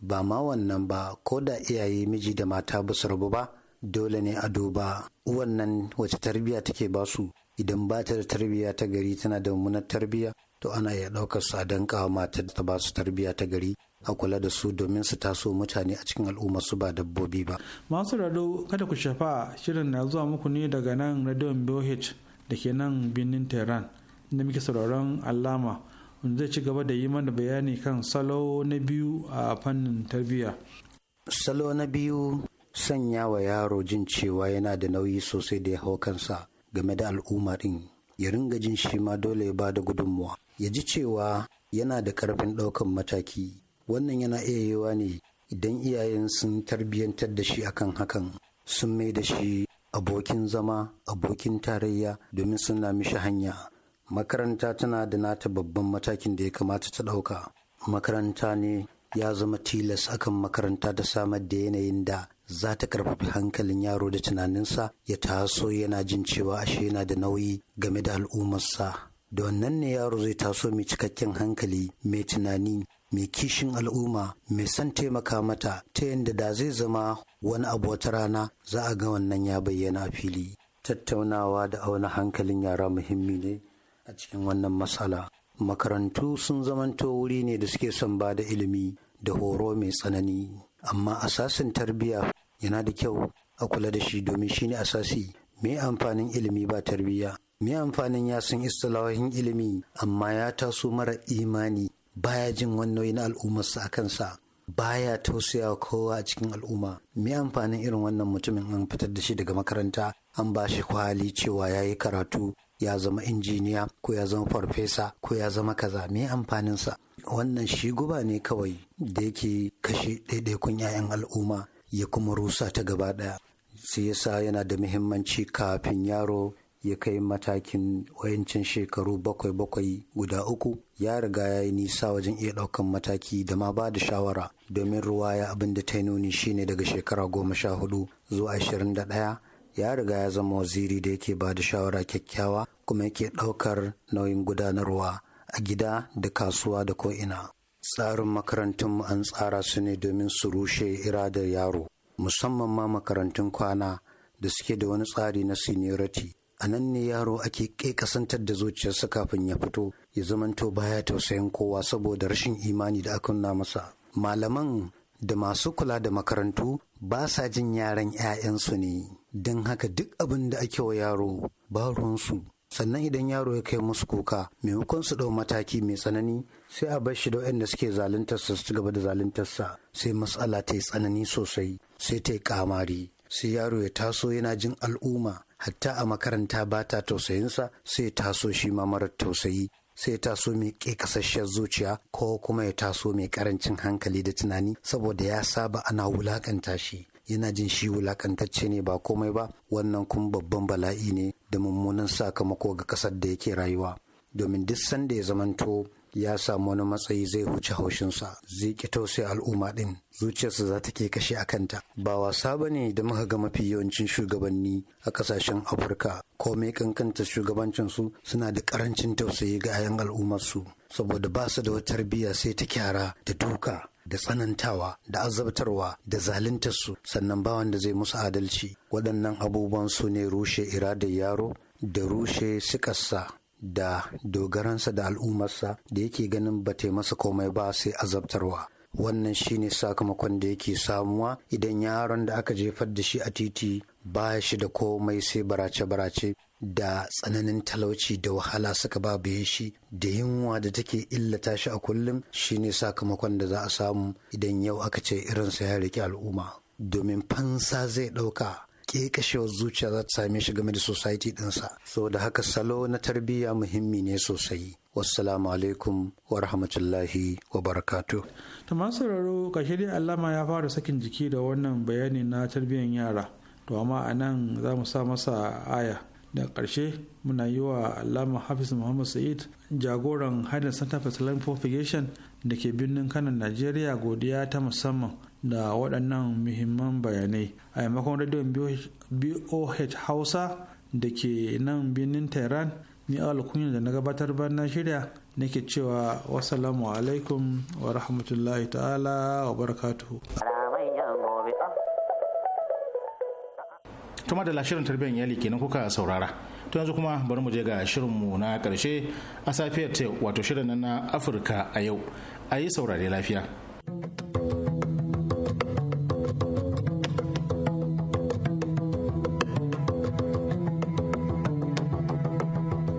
ba ma wannan ba ko da iyaye miji da mata ba su rabu ba dole ne a duba wannan wace tarbiyya take ba su idan ba ta da tarbiyya ta gari tana da mummunar tarbiyya to ana iya ɗaukar su a danka matar ta ba su tarbiyya ta gari a kula da su domin su taso mutane a cikin al'umma su ba dabbobi ba. Masu rado kada ku shafa shirin na zuwa muku ne daga nan radio BOH da ke nan birnin Tehran inda muke sauraron alama wanda zai ci gaba da yi mana bayani kan salo na biyu a fannin tarbiyya. Salo na biyu sanya wa yaro jin cewa yana da nauyi sosai da ya hau kansa game da al'umma ɗin ya ringa jin shi ma dole ya ba da gudunmuwa ya ji cewa yana da ƙarfin ɗaukan mataki wannan yana iya yiwa ne idan iyayen sun tarbiyyantar da shi akan hakan sun mai da shi abokin zama abokin tarayya domin suna mishi hanya makaranta tana da nata babban matakin da ya kamata ta ɗauka makaranta ne ya zama tilas akan makaranta ta samar da yanayin da za ta karfafi hankalin yaro da tunaninsa ya taso yana jin cewa ashe yana da nauyi game da al'ummarsa da wannan ne yaro zai taso mai cikakken hankali mai tunani mai kishin al'umma mai son taimaka mata ta yadda da zai zama wani abu wata rana za a ga wannan ya bayyana a fili tattaunawa da auna hankalin yara muhimmi ne a cikin wannan matsala makarantu sun zamanto wuri ne da suke son ba da ilimi da horo mai tsanani amma asasin tarbiyya yana da kyau a kula da shi domin shi ne asasi me amfanin ilimi ba tarbiyya me amfanin ya san istilahohin ilimi amma ya taso mara imani baya jin wannan na al'ummarsa a kansa baya tausaya kowa a cikin al'umma me amfanin irin wannan mutumin an fitar da shi daga makaranta an ba shi kwali cewa ya yi karatu ya zama injiniya ko ya zama farfesa ko ya zama kaza me amfaninsa wannan shi guba ne kawai da yake kashe ɗaiɗaikun 'ya'yan al'umma ya kuma rusa ta gaba ɗaya sai yasa yana da muhimmanci kafin yaro ya kai matakin wayancin shekaru bakwai bakwai guda uku ya riga ya yi nisa wajen iya ɗaukan mataki da ma ba da shawara domin ruwa ya abin da ta nuni shine daga shekara goma sha hudu zuwa ashirin da ɗaya ya riga ya zama waziri da yake ba da shawara kyakkyawa kuma yake ɗaukar nauyin gudanarwa a gida da kasuwa da ko'ina. Tsarin makarantun an tsara su ne domin su rushe iradar yaro, musamman ma makarantun kwana da suke da wani tsari na seniority. A nan ne yaro ake ƙeƙasantar da zuciyarsa kafin ya fito ya zamanto baya tausayin kowa saboda rashin imani da aka nuna masa. Malaman da masu kula da makarantu ba sa jin yaran 'ya'yansu ne. don haka duk abin da ake wa yaro ba ruwansu sannan idan yaro ya kai musu kuka maimakon su ɗau mataki mai tsanani sai a bar shi da waɗanda suke zaluntarsa su gaba da zaluntarsa sai matsala ta yi tsanani sosai sai ta yi kamari sai yaro ya taso yana jin al'umma hatta a makaranta ba ta tausayinsa sai ya taso shi ma mara tausayi sai ya taso mai ƙeƙasasshen zuciya ko kuma ya taso mai ƙarancin hankali da tunani saboda ya saba ana wulaƙanta shi yana jin shi wulakantacce ne ba komai ba wannan kuma babban bala'i ne da mummunan sakamako ga ƙasar da yake rayuwa domin duk sanda ya zamanto ya samu wani matsayi zai huce haushinsa zai ki tausayi al'umma din zuciyarsa za ta ke kashe a kanta ba wasa ba ne da muka ga mafi yawancin shugabanni a ƙasashen afirka komai kankanta shugabancinsu suna da karancin tausayi ga 'ya'yan al'ummarsu saboda ba su da wata tarbiyya sai ta kyara da duka da tsanantawa da azabtarwa da zaluntarsu sannan ba wanda zai musu adalci waɗannan abubuwan su ne rushe iradar yaro da rushe sikarsa da dogaransa da al'ummarsa da yake ganin ba masa komai ba sai azabtarwa wannan shine sakamakon da yake samuwa idan yaron da aka jefar da shi a titi ba shi da komai sai barace-barace da tsananin talauci da wahala suka ba bayan shi da yunwa da take illata shi a kullum shine sakamakon da za a samu idan yau aka ce irinsa ya riƙe al'umma domin fansa zai ɗauka kekashewar zuciya za ta same shi game da society ɗinsa saboda haka salo na tarbiyya muhimmi ne sosai wassalamu alaikum wa rahmatullahi wa barakatu to masu raro kashe dai allama ya fara sakin jiki da wannan bayani na tarbiyyar yara to amma a nan za mu sa masa aya da ƙarshe muna yi wa alama hafiz muhammad sa'id jagoran hadin center for islamic propagation da ke birnin kano nigeria godiya ta musamman da waɗannan muhimman bayanai a maimakon rediyon boh hausa da ke nan birnin tehran ni alkunya da na gabatar na shirya nake cewa wasalamu alaikum wa rahmatullahi ta'ala wa barakatuhu. tuma da lashirin tarbiyyar iyali kenan kuka saurara to yanzu kuma bari mu je ga shirin mu na karshe a safiyar ta wato shirin na afirka a yau a yi saurare lafiya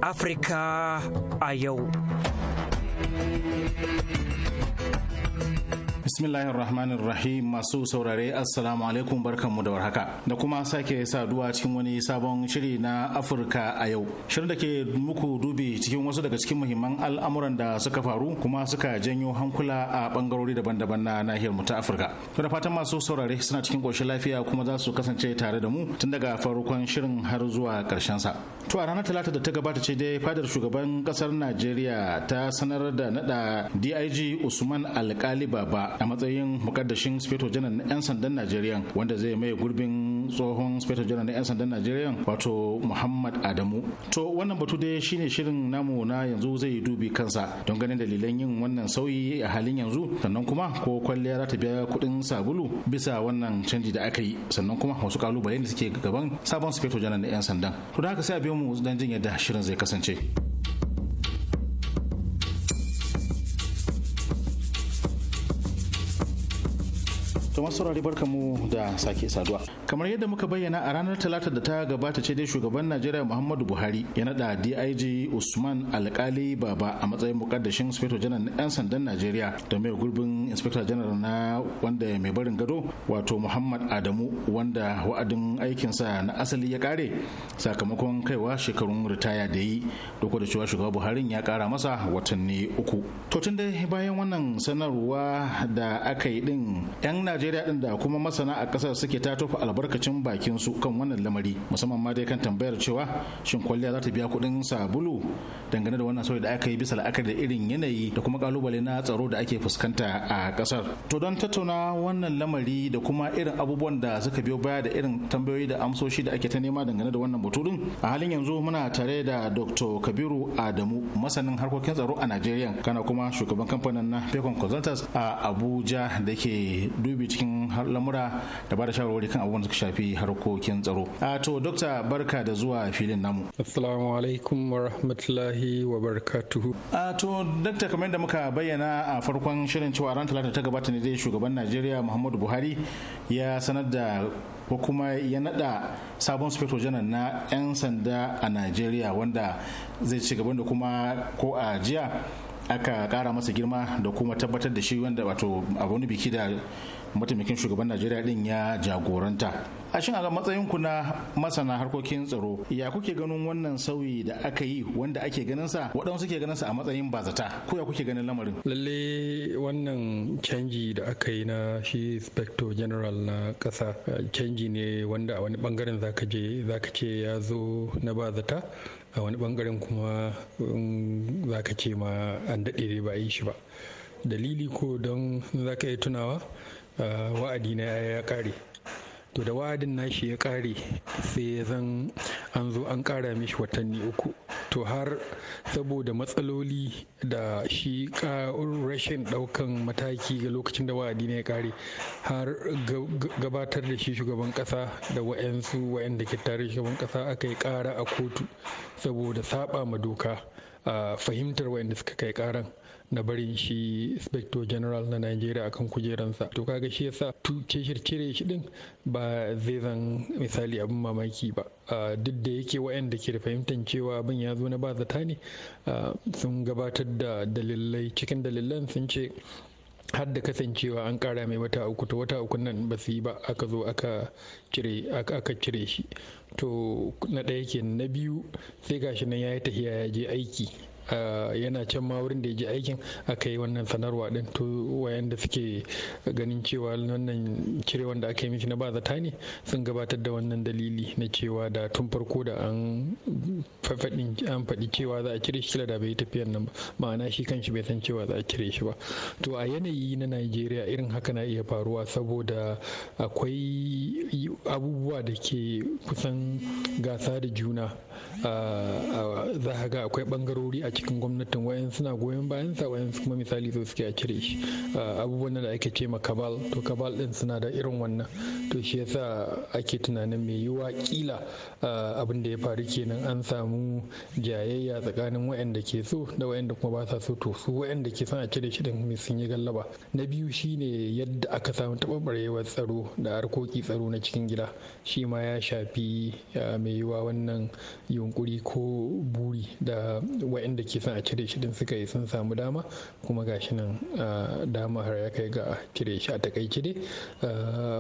afirka a yau bismillahir rahmanir rahim masu saurare assalamu alaikum barkanmu da warhaka da kuma sake saduwa cikin wani sabon shiri na afirka a yau shirin da ke muku dubi cikin wasu daga cikin muhimman al'amuran da suka faru kuma suka janyo hankula a bangarori daban-daban na nahiyar mu ta afirka to fatan masu saurare suna cikin koshin lafiya kuma za su kasance tare da mu tun daga farkon shirin har zuwa karshen sa to a ranar talata da ta gabata ce dai fadar shugaban kasar najeriya ta sanar da nada dig usman alkali baba a matsayin mukaddashin speto janar na 'yan sandan najeriya wanda zai mai gurbin tsohon speto janar na 'yan sandan najeriya wato muhammad adamu to wannan batu dai shine shirin namu na yanzu zai dubi kansa don ganin dalilan yin wannan sauyi a halin yanzu sannan kuma ko kwalliya za ta biya kuɗin sabulu bisa wannan canji da aka yi sannan kuma wasu kalubale da suke gaban sabon speto janar na 'yan sandan to da haka sai a biyo mu dan jin yadda shirin zai kasance. masu saurari barka mu da sake saduwa. Kamar yadda muka bayyana a ranar talata da ta gabata ce dai shugaban Najeriya Muhammadu Buhari ya nada DIG Usman Alkali Baba a matsayin mukaddashin Inspector General na 'yan sandan Najeriya da mai gurbin Inspector General na wanda mai barin gado wato Muhammad Adamu wanda wa'adin aikinsa na asali ya kare sakamakon kaiwa shekarun ritaya da yi duk da cewa shugaban Buhari ya kara masa watanni uku. To tun dai bayan wannan sanarwa da aka yi din 'yan Najeriya najeriya da kuma masana a kasar suke ta tofa albarkacin bakin su kan wannan lamari musamman ma dai kan tambayar cewa shin kwalliya za ta biya kuɗin sabulu dangane da wannan sauyi da aka yi bisa la'akari da irin yanayi da kuma kalubale na tsaro da ake fuskanta a kasar to don tattauna wannan lamari da kuma irin abubuwan da suka biyo baya da irin tambayoyi da amsoshi da ake ta nema dangane da wannan batu din a halin yanzu muna tare da dr kabiru adamu masanin harkokin tsaro a najeriya kana kuma shugaban kamfanin na pecon consultants a abuja da ke dubi cikin cikin lamura da ba da shawarwari kan abubuwan da suka shafi harkokin tsaro a to dokta barka da zuwa filin namu assalamu alaikum wa rahmatullahi wa barakatuhu a to dokta kamar da muka bayyana a farkon shirin cewa ran talata ta gabata ne zai shugaban najeriya muhammadu buhari ya sanar da ko kuma ya nada sabon sufeto janar na 'yan sanda a najeriya wanda zai ci gaban da kuma ko a jiya aka kara masa girma da kuma tabbatar da shi wanda wato abu wani biki da mataimakin shugaban najeriya din ya jagoranta a shin a matsayin ku na masana harkokin tsaro ya kuke ganin wannan sauyi da aka yi wanda ake ganin sa waɗansu ke ganin sa a matsayin bazata ko ya kuke ganin lamarin lalle wannan canji da aka yi na shi inspector general na kasa eh, canji ne wanda a wani bangaren zaka je zaka ce ya zo na bazata a wani bangaren kuma mm, zaka ce ma an daɗe ba a yi shi ba dalili ko don zaka iya tunawa Eh, wa'adi na ya kare to da wa'adin nashi ya kare sai zan an zo an kara mishi watanni uku to har saboda matsaloli da shi rashin ɗaukan mataki ga lokacin da wa'adi ne ya kare har gabatar da shi shugaban kasa da wa'insu wa'inda ke tare shugaban kasa aka yi kara a kotu saboda saba ma doka a fahimtar wa'yanda suka kai karan na barin shi inspector general na Najeriya akan kujeransa to kaga shi yasa tuke cire shi din ba zai zan misali abin mamaki ba duk da yake waɗanda ke da fahimtar cewa abin ya zo na ba zata ne sun gabatar da dalilai cikin dalilan sun ce har da kasancewa an kara mai wata uku to wata uku nan ba su yi ba aka zo aka cire aka cire shi to na ɗaya kenan na biyu sai gashi nan ya yi tahiya ya je aiki yana can ma wurin da ya je aikin aka yi wannan sanarwa din to wayanda suke ganin cewa wannan cire wanda aka yi mishi na ba zata ne sun gabatar da wannan dalili na cewa da tun farko da an an faɗi cewa za a cire shi kila da bai tafiyar nan ba ma'ana shi kanshi bai san cewa za a cire shi ba to a yanayi na Najeriya irin haka na iya faruwa saboda akwai abubuwa da ke kusan gasa da juna za ga akwai bangarori a cikin gwamnatin wayan suna goyon bayan sa wayan kuma misali zo suke a cire shi abubuwan da ake ce ma kabal to kabal din suna da irin wannan to shi yasa ake tunanin mai yiwa kila abin da ya faru kenan an samu jayayya tsakanin da ke so da da kuma ba sa so to su wayanda ke son a cire shi din sun yi gallaba na biyu shine yadda aka samu taɓarɓarewar tsaro da harkoki tsaro na cikin gida shi ma ya shafi mai yiwa wannan yunkuri ko buri da wayanda da ke son a cire shi din suka yi sun samu dama kuma gashi nan dama har ya kai ga cire shi a takaice dai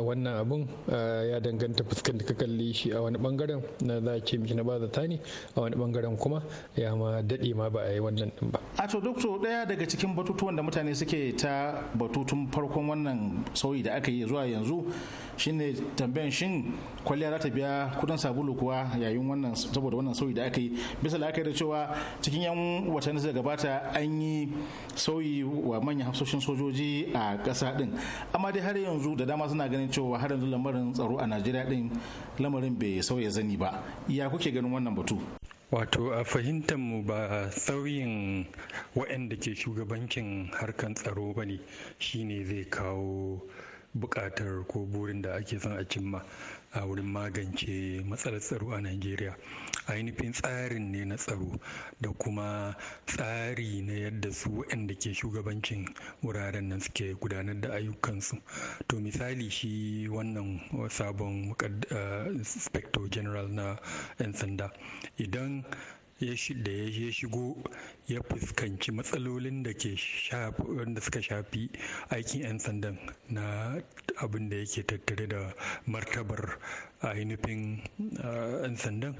wannan abun ya danganta fuskan da ka kalli shi a wani bangaren na za ce mishi na bazata ne a wani bangaren kuma ya ma daɗe ma ba a yi wannan din ba. a to dokto ɗaya daga cikin batutuwan da mutane suke ta batutun farkon wannan sauyi da aka yi zuwa yanzu shine tambayan shin kwalliya za ta biya kudin sabulu kuwa yayin wannan saboda wannan sauyi da aka yi bisa la'akari cewa cikin yan watan da gabata an yi sauyi wa manyan hafsoshin sojoji a ƙasa din amma dai har yanzu da dama suna ganin cewa har yanzu lamarin tsaro a najeriya din lamarin bai sauya zani ba ya kuke ganin wannan batu wato a fahimtar mu ba sauyin waɗanda ke shugabancin harkan tsaro ba ne shine zai kawo buƙatar ko burin da ake son a cimma a wurin magance matsalar tsaro a Najeriya. Ainihin tsarin ne na tsaro da kuma tsari na yadda su waɗanda ke shugabancin wuraren nan suke gudanar da ayyukansu. To misali shi wannan sabon inspector general na 'yan sanda idan da ya shigo ya fuskanci matsalolin da ke wanda suka shafi aikin 'yan sandan na abin da yake tattare da martabar ainihin 'yan sandan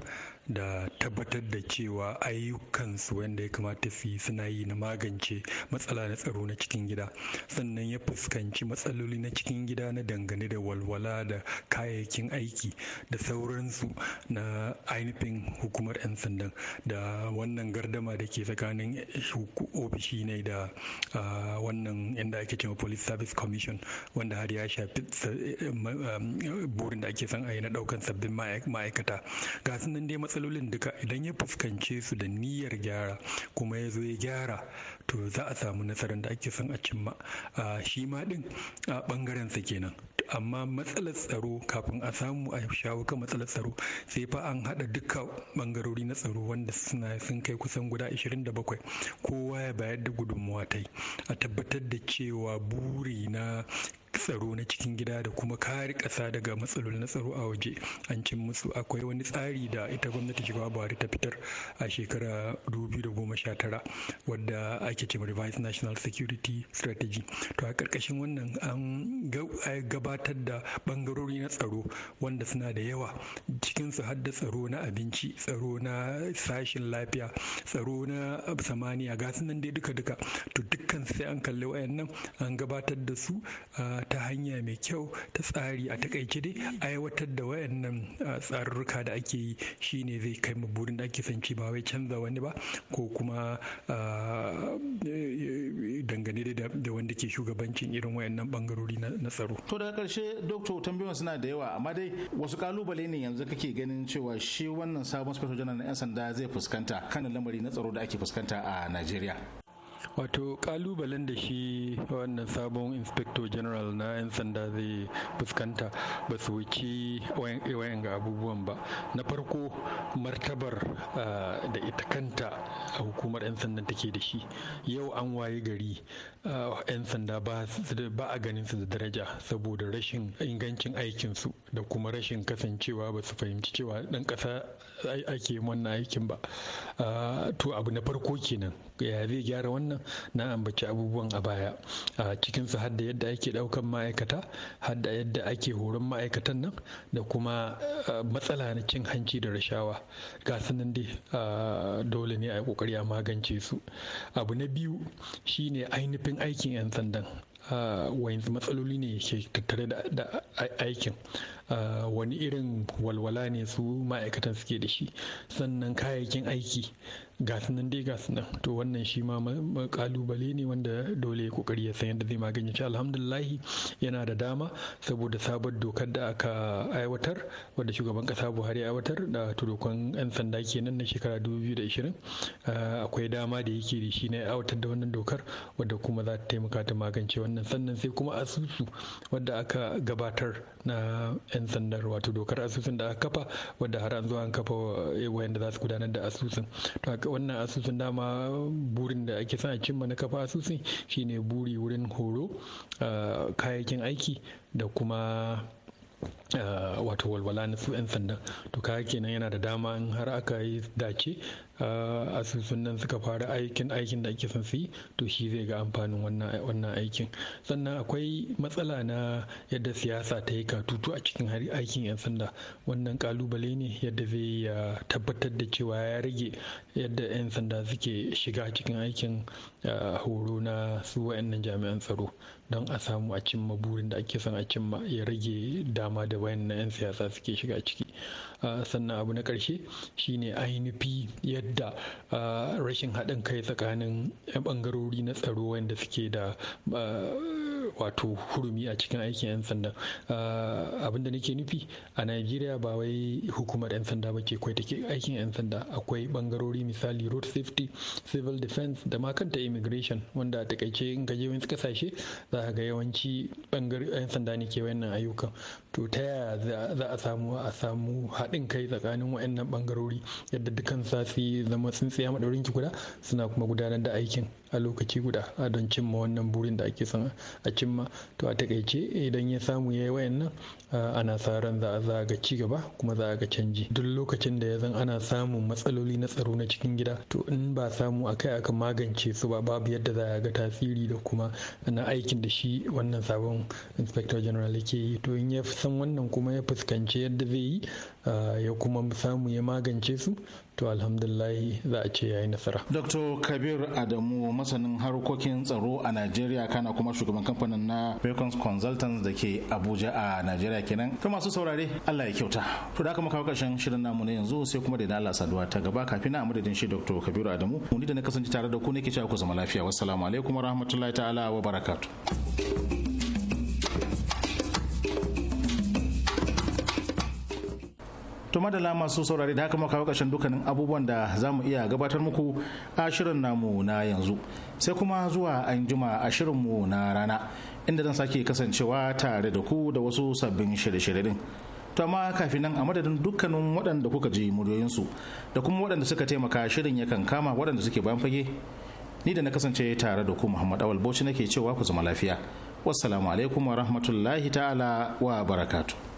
da tabbatar da cewa ayyukansu wanda ya kamata su yi suna yi na magance matsala na tsaro na cikin gida sannan ya fuskanci matsaloli na cikin gida na dangane da walwala da kayayyakin aiki da sauransu na ainihin hukumar 'yan sandan da wannan gardama da ke tsakanin tsakanin ofishi ne da wannan inda ake cewa police service commission wanda har ya shafi burin da ake son a yi na daukan sabbin ma'aikata ga sunan dai matsalolin duka idan ya fuskance su da niyyar gyara kuma ya zo ya gyara to za a samu nasarar da ake son a cimma a shi ma din a bangaren sa kenan amma matsalar tsaro kafin a samu a shawo kan matsalar tsaro sai fa an haɗa duka bangarori na tsaro wanda suna sun kai kusan guda 27 kowa ya bayar da gudunmuwa ta yi a tabbatar da cewa buri na tsaro na cikin gida da kuma kare ƙasa daga matsalolin na tsaro a waje an cin musu akwai wani tsari da ita gwamnati shugaba buhari ta fitar a shekara 2019 wadda ake cewa revised national security strategy to a ƙarƙashin wannan an gabatar da ɓangarori na tsaro wanda suna da yawa cikinsu har da tsaro na abinci tsaro na sashin lafiya tsaro na samaniya ga nan dai duka-duka to dukkan sai an kalli wayannan an gabatar da su a ta hanya mai kyau ta tsari a takaice dai aiwatar da wayannan tsarurruka da ake yi shine zai kai mu burin da ake son ci ba wai canza wani ba ko kuma dangane da wanda ke shugabancin irin wayannan bangarori na tsaro to daga karshe doctor tambayoyin suna da yawa amma dai wasu kalubale ne yanzu kake ganin cewa shi wannan sabon special general na yan sanda zai fuskanta kan lamari na tsaro da ake fuskanta a Najeriya wato kalubalen da shi wannan sabon inspector general na 'yan sanda zai fuskanta ba su wuce wayan eh, ga abubuwan ba na farko martabar ah, da ita kanta hukumar 'yan sandan take da shi yau an wayi gari 'yan sanda ba a ganin su da daraja saboda rashin ingancin aikinsu da kuma rashin kasancewa ba su fahimci cewa dan kasa ake wannan aikin ba to abu na farko kenan ya zai gyara wannan na ambaci abubuwan a baya a cikinsu hadda yadda ake ɗaukan ma'aikata hadda yadda ake horon ma'aikatan nan da kuma matsala na cin hanci da rashawa ga nan dai dole ne a yi ƙoƙari a magance su abu na biyu shine ainihin wurin aikin 'yan sandan wani matsaloli ne ke tattare da aikin wani irin walwala ne su ma'aikatan suke da shi sannan kayayyakin aiki Gasunan nan dai gasunan, to wannan shi ma kalubale ne wanda dole kokari ya san yadda zai magance shi alhamdulillahi yana da dama saboda sabon dokar da aka aiwatar wadda shugaban kasa buhari ya aiwatar da turokon yan sanda kenan na shekara 2020 ah, akwai dama da yake da shi na aiwatar da wannan dokar wadda kuma za ta taimaka ta magance wannan sannan sai kuma asusu wadda aka gabatar na yan sandar wato dokar asusun da aka kafa wadda har an zo an kafa eh, wayanda za su gudanar da asusun wannan asusun dama burin da ake san a cimma na kafa asusun shine buri wurin horo kayayyakin aiki da kuma wato walwala na su 'yan sanda to kaya kenan yana da dama in har aka yi dace a nan suka fara aikin aikin da ake son su to shi zai ga amfanin wannan aikin sannan akwai matsala na yadda siyasa ta yi katutu a cikin aikin 'yan sanda wannan kalubale ne yadda zai tabbatar da cewa ya rage yadda 'yan sanda suke shiga cikin aikin horo na su wa'annan jami'an tsaro don a samu a cimma burin da ake son a cimma ya rage dama da wayannan 'yan siyasa suke shiga ciki Ah, sannan abu na ƙarshe shine ainihi yadda ah, rashin haɗin kai tsakanin ɓangarori na tsaro wanda suke da ah, wato hurumi a cikin aikin 'yan sanda abinda nake nufi a najeriya ba wai hukumar 'yan sanda ba ke kwai take aikin 'yan sanda akwai ɓangarori misali road safety civil defense da makanta kanta immigration wanda a takaice in ka je wani kasashe za ka ga yawanci bangare 'yan sanda ne ke wannan ayyukan to ta yaya za a samu a samu haɗin kai tsakanin waɗannan ɓangarori yadda dukkan za su zama tsintsiya maɗaurin ki guda suna kuma gudanar da aikin a lokaci guda a don cimma wannan burin da ake son a cimma to a takaice idan ya samu ya yi wayannan ana sa ran za a ga ci gaba kuma za a ga canji duk lokacin da ya zan ana samun matsaloli na tsaro na cikin gida to in ba samu a kai aka magance su ba babu yadda za a ga tasiri da kuma na aikin da shi wannan sabon inspector general yake yi to in ya san wannan kuma ya fuskanci yadda zai yi ya kuma samu ya magance su to alhamdulillahi za a ce ya yi nasara. Dr. Kabir Adamu masanin harkokin tsaro a Najeriya kana kuma shugaban kamfanin na Beacons Consultants da ke Abuja a Najeriya kenan. To masu saurare Allah ya kyauta. To da aka kawo karshen shirin namu na yanzu sai kuma da Allah saduwa ta gaba kafin na amadadin shi Dr. Kabir Adamu. ni da na kasance tare da ku ne ke cewa ku zama lafiya. Wassalamu alaikum wa rahmatullahi ta'ala wa barakatuh. to madala masu saurari da haka muka kawo ƙarshen dukkanin abubuwan da za mu iya gabatar muku a shirin namu na yanzu sai kuma zuwa an juma a shirinmu na rana inda zan sake kasancewa tare da ku da wasu sabbin shirye-shirye din to amma kafin nan a madadin dukkanin waɗanda kuka ji muryoyinsu da kuma waɗanda suka taimaka shirin yakan kama waɗanda suke bayan fage ni da na kasance tare da ku muhammad awal bauchi nake cewa ku zama lafiya wassalamu alaikum wa rahmatullahi ta'ala wa barakatu.